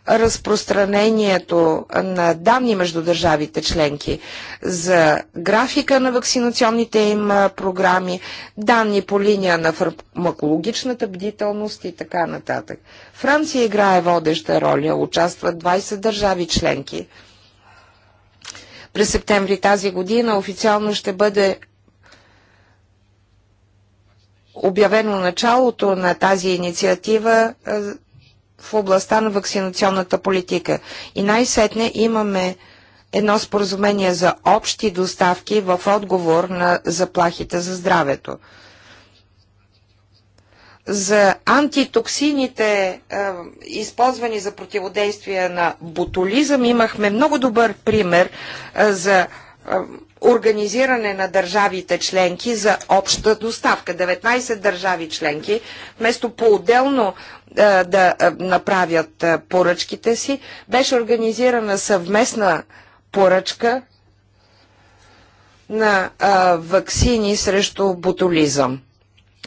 разпространението на данни между държавите членки за графика на вакцинационните им програми, данни по линия на фармакологичната бдителност и така нататък. Франция играе водеща роля, участват 20 държави членки. През септември тази година официално ще бъде обявено началото на тази инициатива в областта на вакцинационната политика. И най-сетне имаме едно споразумение за общи доставки в отговор на заплахите за здравето. За антитоксините, е, използвани за противодействие на ботулизъм, имахме много добър пример е, за е, организиране на държавите членки за обща доставка. 19 държави членки, вместо по-отделно е, да, да е, направят е, поръчките си, беше организирана съвместна поръчка на а, вакцини срещу ботулизъм.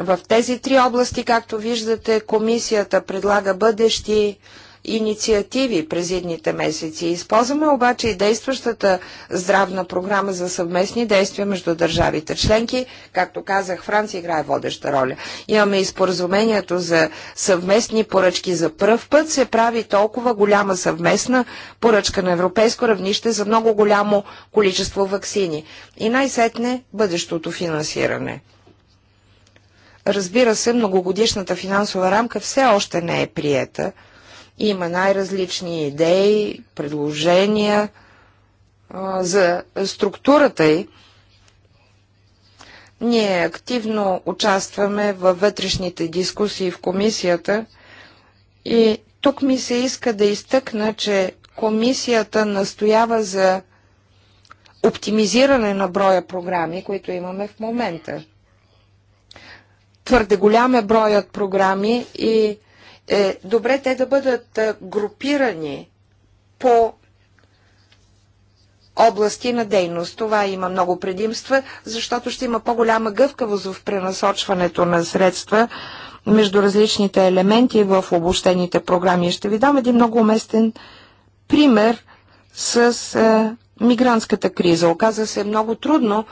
В тези три области, както виждате, комисията предлага бъдещи инициативи през едните месеци. Използваме обаче и действащата здравна програма за съвместни действия между държавите членки. Както казах, Франция играе водеща роля. Имаме и споразумението за съвместни поръчки. За пръв път се прави толкова голяма съвместна поръчка на европейско равнище за много голямо количество вакцини. И най-сетне бъдещото финансиране. Разбира се, многогодишната финансова рамка все още не е приета. Има най-различни идеи, предложения а, за структурата й. Ние активно участваме във вътрешните дискусии в комисията и тук ми се иска да изтъкна, че комисията настоява за оптимизиране на броя програми, които имаме в момента. Твърде голям е броят програми и е добре те да бъдат групирани по области на дейност. Това има много предимства, защото ще има по-голяма гъвкавост в пренасочването на средства между различните елементи в обобщените програми. Ще ви дам един много уместен пример с е, мигрантската криза. Оказа се много трудно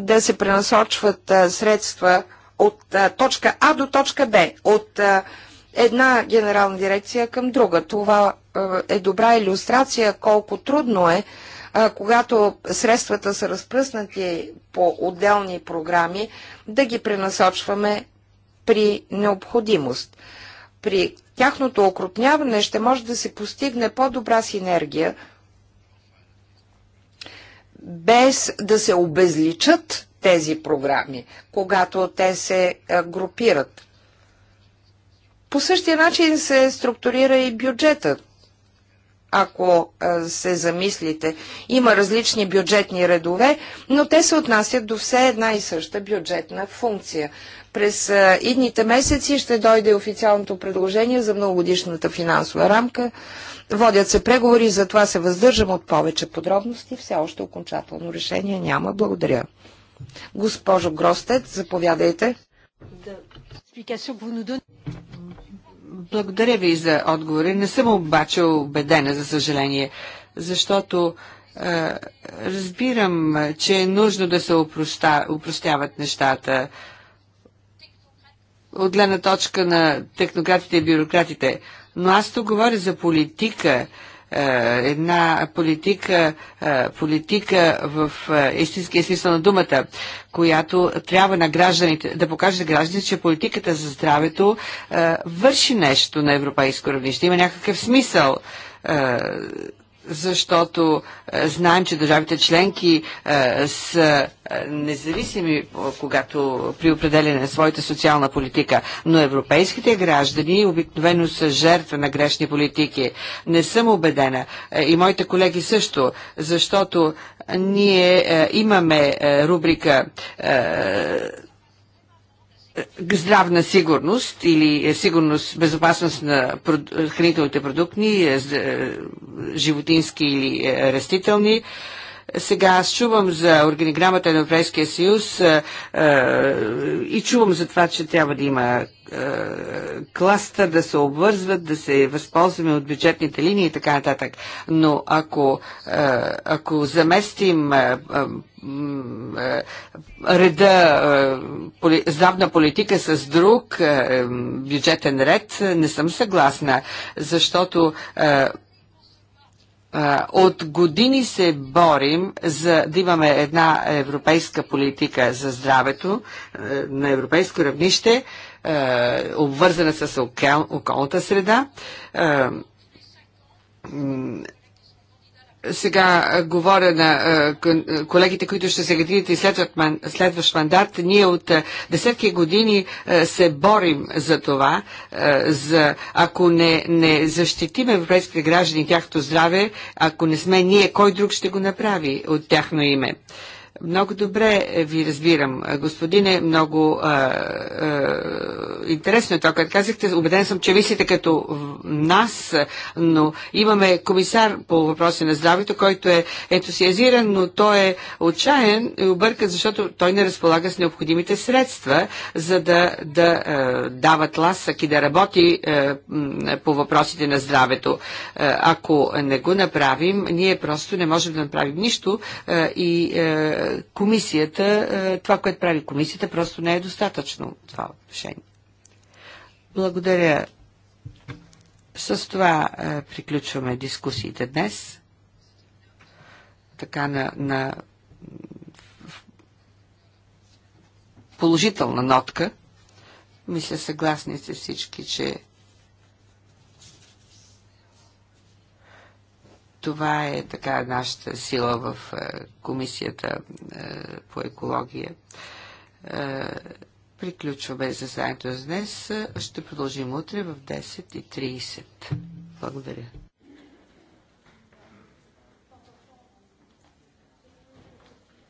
да се пренасочват е, средства от е, точка А до точка Б, от е, една генерална дирекция към друга. Това е, е добра иллюстрация колко трудно е, когато средствата са разпръснати по отделни програми, да ги пренасочваме при необходимост. При тяхното окрупняване ще може да се постигне по-добра синергия, без да се обезличат тези програми, когато те се групират. По същия начин се структурира и бюджетът. Ако е, се замислите, има различни бюджетни редове, но те се отнасят до все една и съща бюджетна функция. През е, идните месеци ще дойде официалното предложение за многогодишната финансова рамка. Водят се преговори, затова се въздържам от повече подробности. Все още окончателно решение няма. Благодаря. Госпожо Гростет, заповядайте. Благодаря ви за отговори. Не съм обаче убедена, за съжаление, защото е, разбирам, че е нужно да се упроща, упростяват нещата от гледна точка на технократите и бюрократите. Но аз тук говоря за политика, е, една политика, е, политика в е, истинския смисъл на думата, която трябва на гражданите, да покаже гражданите, че политиката за здравето върши нещо на европейско равнище. Има някакъв смисъл защото е, знаем, че държавите членки е, са е, независими, когато при определене на своята социална политика, но европейските граждани обикновено са жертва на грешни политики. Не съм убедена и моите колеги също, защото ние имаме рубрика е, здравна сигурност или е, сигурност, безопасност на хранителните продукти, е, животински или растителни, сега аз чувам за органиграмата на Европейския съюз е, е, и чувам за това, че трябва да има класта, да се обвързват, да се възползваме от бюджетните линии и така нататък. Но ако, ако заместим реда здравна политика с друг бюджетен ред, не съм съгласна, защото от години се борим за да имаме една европейска политика за здравето на европейско равнище, обвързана с околната среда сега говоря на колегите, които ще се градират и следващ мандат. Ние от десетки години се борим за това. За, ако не, не защитим европейските граждани тяхното здраве, ако не сме ние, кой друг ще го направи от тяхно име? Много добре ви разбирам. Господине, много а, а, интересно е това, което казахте. Обеден съм, че висите като нас, но имаме комисар по въпроси на здравето, който е ентусиазиран, но той е отчаян и объркан, защото той не разполага с необходимите средства, за да, да а, дава тласък и да работи а, по въпросите на здравето. А, ако не го направим, ние просто не можем да направим нищо а, и а, комисията, е, това, което прави комисията, просто не е достатъчно това отношение. Благодаря. С това е, приключваме дискусиите днес. Така на, на положителна нотка. Мисля, съгласни сте всички, че Това е така нашата сила в е, Комисията е, по екология. Е, приключваме заседанието за днес. Ще продължим утре в 10.30. Благодаря.